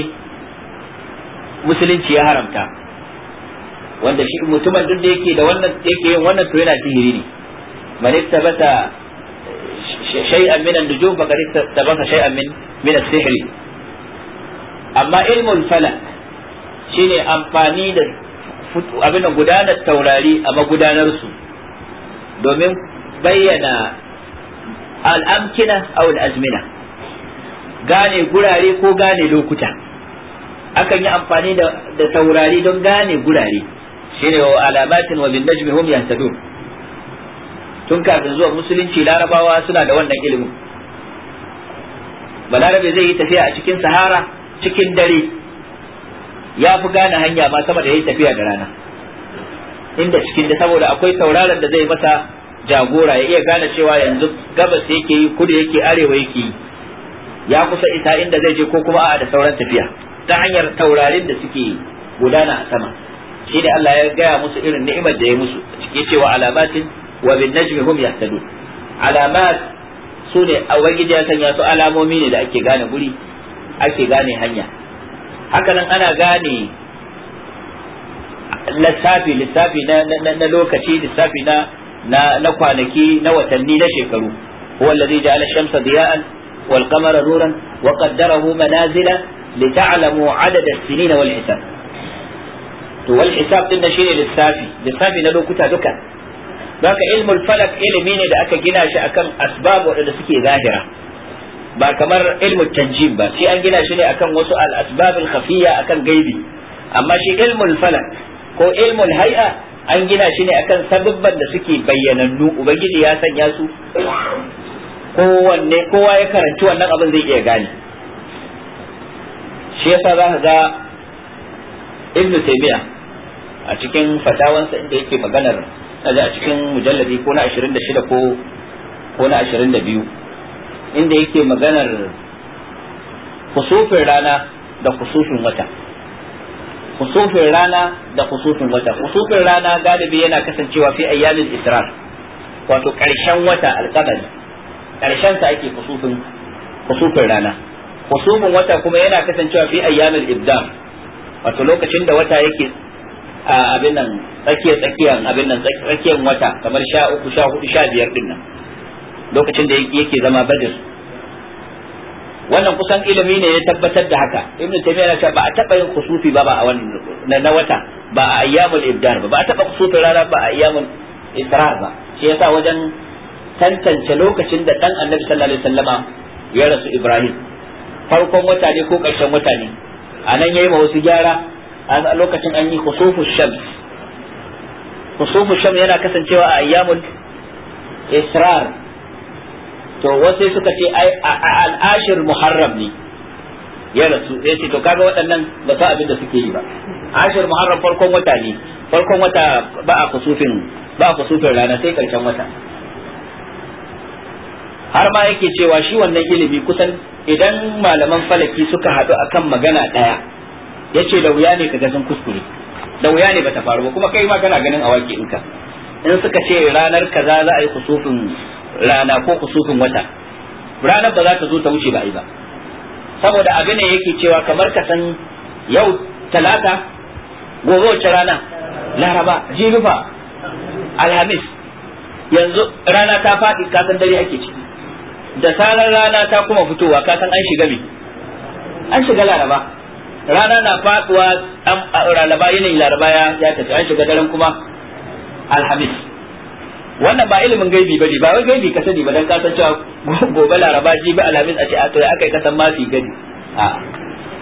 musulunci ya haramta wanda shi mutumin duk da yake da wannan yake yin wannan to yana sihiri ne man istabata shay'an min an-nujum faqad istabata shay'an min min as-sihr amma ilmul falak shine amfani da abin gudanar taurari a magudanar su domin bayyana al'amkina aw al-azmina gane gurare ko gane lokuta akan yi amfani da taurari don gane gurare ne wa alamatin wa Bindajmi hum tun kafin zuwa musulunci larabawa suna da wannan ilimin balarabe zai yi tafiya a cikin sahara cikin dare ya fi gane hanya ma sama da yi tafiya da rana inda cikin da saboda akwai tauraron da zai masa jagora ya iya gane cewa yanzu gabas yake yi kudu yake arewa yake yi ya kusa ita inda zai je ko kuma a da sauran tafiya ta hanyar taurarin da suke gudana a sama shi ne Allah ya gaya musu irin ni'imar da ya musu cike cewa alamatin wa bin najmi hum yahtadun alamat su ne a ya sanya su alamomi ne da ake gane guri ake gane hanya hakanan ana gane lissafi lissafi na lokaci lissafi na na kwanaki na watanni na shekaru huwa allazi ja'ala shamsa diya'an wal qamara nuran wa qaddarahu manazila li ta'lamu adada as-sinin wal to wal hisab din shine lissafi lissafi na lokuta duka baka ilmul falak ilimi ne da aka gina shi akan asbab wadanda suke zahira ba kamar ilmul tanjim ba shi an gina shi ne akan wasu al asbab akan gaibi amma shi ilmul falak ko ilmul haia an gina shi ne akan sababban da suke bayyanannu ubangiji ya sanya su kowanne kowa ya karanci wannan abin zai iya gane shi yasa za ka ga ibnu taymiya a cikin fatawansa inda yake maganar a cikin mujalladi ko na 26 ko ko na 22 inda yake maganar kusufin rana da kusufin wata kusufin rana da kusufin wata kusufin rana galibi yana kasancewa fi ayyamin israr wato ƙarshen wata alƙadari karshen sa ake kusufin kusufin rana kusufin wata kuma yana kasancewa fi ayyamil ibdam wato lokacin da wata yake a abin nan tsakiyar tsakiyar abin nan tsakiyar wata kamar sha uku sha hudu sha biyar din nan lokacin da yake zama badir wannan kusan ilimi ne ya tabbatar da haka ibnu taymiya yana cewa ba a taba yin kusufi ba ba a wannan na wata ba a ayyamul ibdar ba ba a taba kusufin rana ba a ayyamul isra ba shi yasa wajen tantance lokacin da dan annabi sallallahu alaihi wasallama ya rasu ibrahim farkon wata ne ko karshen wata ne a nan yayi ma wasu gyara a lokacin an yi kusufu shams kusufu shams yana kasancewa a ayyamul israr to wasu suka ce al-ashir muharram ne ya rasu ya ce to kaga waɗannan ba sa abin da suke yi ba ashir muharram farkon wata ne farkon wata ba a kusufin ba a kusufin rana sai karshen wata har ma yake cewa shi wannan ilimi kusan idan malaman falaki suka haɗu akan magana ɗaya ya ce da wuya ne kaga sun kuskure da wuya ne bata faru ba kuma kai ma kana ganin awaki in ka in suka ce ranar kaza za a yi kusufin rana ko kusufin wata ranar ba za ta zo ta wuce ba ai ba saboda abin ne yake cewa kamar ka san yau talata gobe wace rana laraba jirufa alhamis yanzu rana ta faɗi kasan dare ake ci da sarar rana ta kuma fitowa ka san an shiga me an shiga laraba rana na faduwa an laraba yin laraba ya tafi an shiga daren kuma alhamis wannan ba ilimin gaibi bane ba wai gaibi ka sani ba dan ka san cewa gobe laraba ji ba alhamis a ce a to ya akai ka san ma fi gani a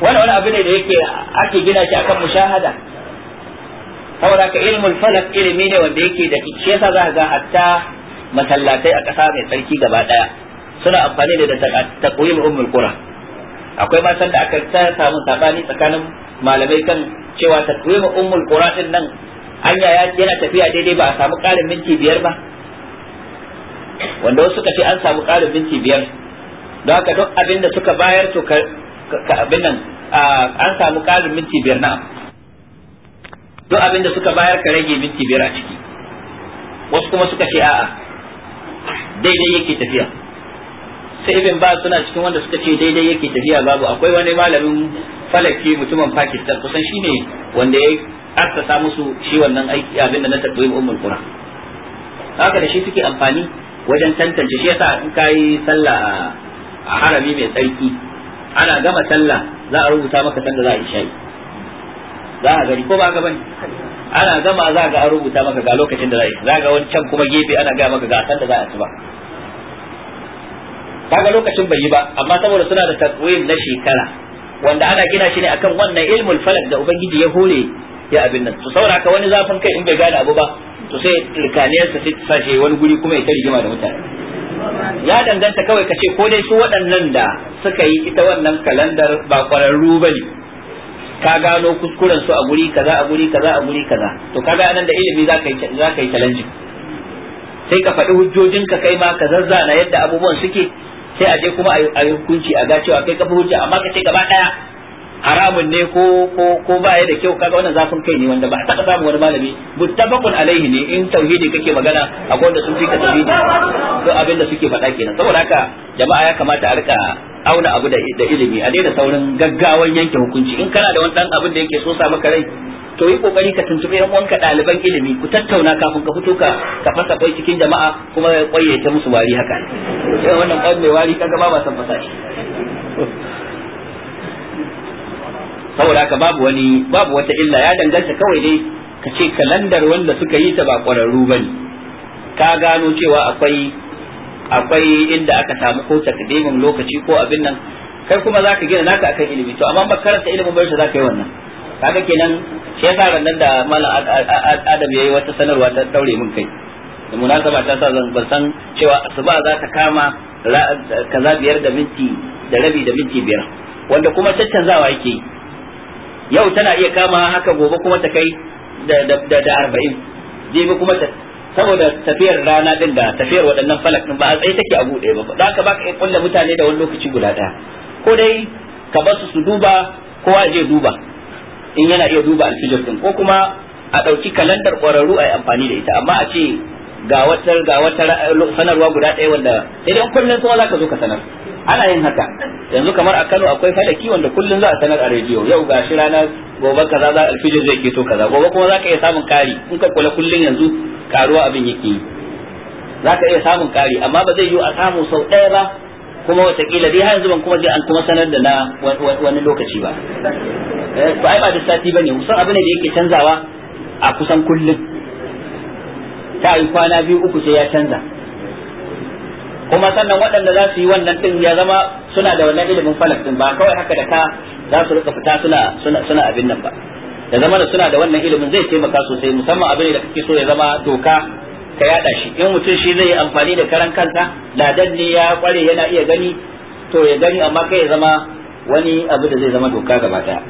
wannan wani abu ne da yake ake gina shi akan mushahada saboda ka ilmul falak ilimi ne wanda yake da shi yasa za ka ga hatta masallatai a ƙasa mai tsarki gaba ɗaya suna amfani ne da taqwim ummul qura akwai ma san da aka ta samu sabani tsakanin malamai kan cewa taqwim ummul qura din nan anya yana tafiya daidai ba a samu karin minti biyar ba wanda wasu suka ce an samu karin minti biyar don haka duk abin da suka bayar to ka abin nan an samu karin minti biyar na duk abin da suka bayar ka rage minti biyar a ciki wasu kuma suka ce a'a daidai yake tafiya sai ibn ba suna cikin wanda suka ce daidai yake tafiya babu akwai wani malamin falaki mutumin pakistan kusan shine wanda ya assasa musu shi wannan aiki abin da na tabbai ummul qura haka da shi suke amfani wajen tantance shi yasa in kai sallah a harami mai tsarki ana gama sallah za a rubuta maka sanda za a isha'i za a gari ko ba ga bane ana gama za ga an rubuta maka ga lokacin da za a za ga wani can kuma gefe ana ga maka ga sanda za a ci ba kaga lokacin bai yi ba amma saboda suna da takwim na shekara wanda ana gina shi ne akan wannan ilmul falak da ubangiji ya hore ya abin nan to saboda haka wani zafin kai in bai gane abu ba to sai turkaniyar sa sai sashe wani guri kuma ya ta rigima da mutane ya danganta kawai kace ko dai su waɗannan da suka yi ita wannan kalandar ba kwararru bane ka gano kuskuren su a guri kaza a guri kaza a guri kaza to kaga anan da ilimi zaka yi zaka yi challenge sai ka faɗi hujjojinka kai ma ka zazzana yadda abubuwan suke sai a je kuma a yi hukunci a ga cewa kai kafa hujja amma kace gaba daya haramun ne ko ko ko ba ya da kyau kaga wannan zafin kai ne wanda ba a taɓa samun wani malami muttafaqun alaihi ne in tauhidi kake magana a gonda sun fi ka tauhidi to abin da suke faɗa kenan saboda haka jama'a ya kamata a rika auna abu da ilimi a daina saurin gaggawan yanke hukunci in kana da wani dan abin da yake so sa maka rai to yi kokari ka tuntube yan uwanka ɗaliban ilimi ku tattauna kafin ka fito ka ka fasa kai cikin jama'a kuma kwai ta musu wari haka sai wannan kwai mai wari kaga ba ba san fasa shi saboda haka babu wani babu wata illa ya danganta kawai dai ka ce kalandar wanda suka yi ta ba ƙwararru bane ka gano cewa akwai akwai inda aka samu ko takdimin lokaci ko abin nan kai kuma zaka gina naka akan ilimi to amma ba karanta ilimin bai zaka yi wannan kaga kenan shi yasa rannan da malam adam ya yi wata sanarwa ta daure min kai da munasaba ta sa zan san cewa asuba za ta kama kaza biyar da minti da rabi da minti biyar wanda kuma caccanzawa yake yau tana iya kama haka gobe kuma ta kai da da arba'in jibi kuma ta saboda tafiyar rana din da tafiyar waɗannan falak ba a tsaye take a buɗe ba da haka ba ka kulle mutane da wani lokaci guda ɗaya ko dai ka basu su duba kowa je duba in yana iya duba alfijir din ko kuma a ɗauki kalandar ƙwararru a yi amfani da ita amma a ce ga wata ga wata sanarwa guda ɗaya wanda idan kullum kuma za ka zo ka sanar ana yin haka yanzu kamar a Kano akwai falaki wanda kullum za a sanar a rediyo yau ga shi ranar gobe kaza za alfijir zai keto kaza gobe kuma za ka iya samun kari in ka kula kullum yanzu karuwa abin yake yi za iya samun kari amma ba zai yiwu a samu sau ɗaya ba kuma watakila dai har yanzu ban kuma sai an kuma sanar da na wani lokaci ba eh, to ai ba da sati bane kusan abin da yake canzawa a kusan kullum ta yi kwana biyu uku sai ya canza kuma sannan waɗanda za su yi wannan din ya zama suna da wannan ilimin falak din ba kawai haka da ka za su rika fita suna suna suna abin nan ba da zama suna da wannan ilimin zai taimaka sosai musamman abin da kake so ya zama doka ka yada shi in mutum shi zai yi amfani da karan kansa ladan ne ya kware yana iya gani to ya gani amma kai ya zama wani abu da zai zama doka gaba daya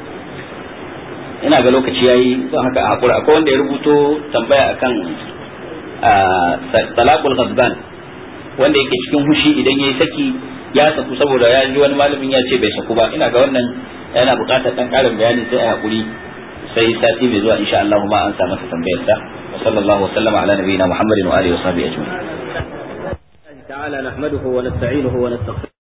ina ga lokaci yayi don haka a hakura akwai wanda ya rubuto tambaya akan talaqul ghadban wanda yake cikin hushi idan ya yi saki ya saku saboda ya ji wani malamin ya ce bai saku ba ina ga wannan yana buƙatar ɗan ƙarin bayani sai a hakuri sai sati mai zuwa insha Allah ma an samu masa tambayar وصلى الله وسلم على نبينا محمد وآله وصحبه أجمعين تعالى نحمده ونستعينه ونستغفره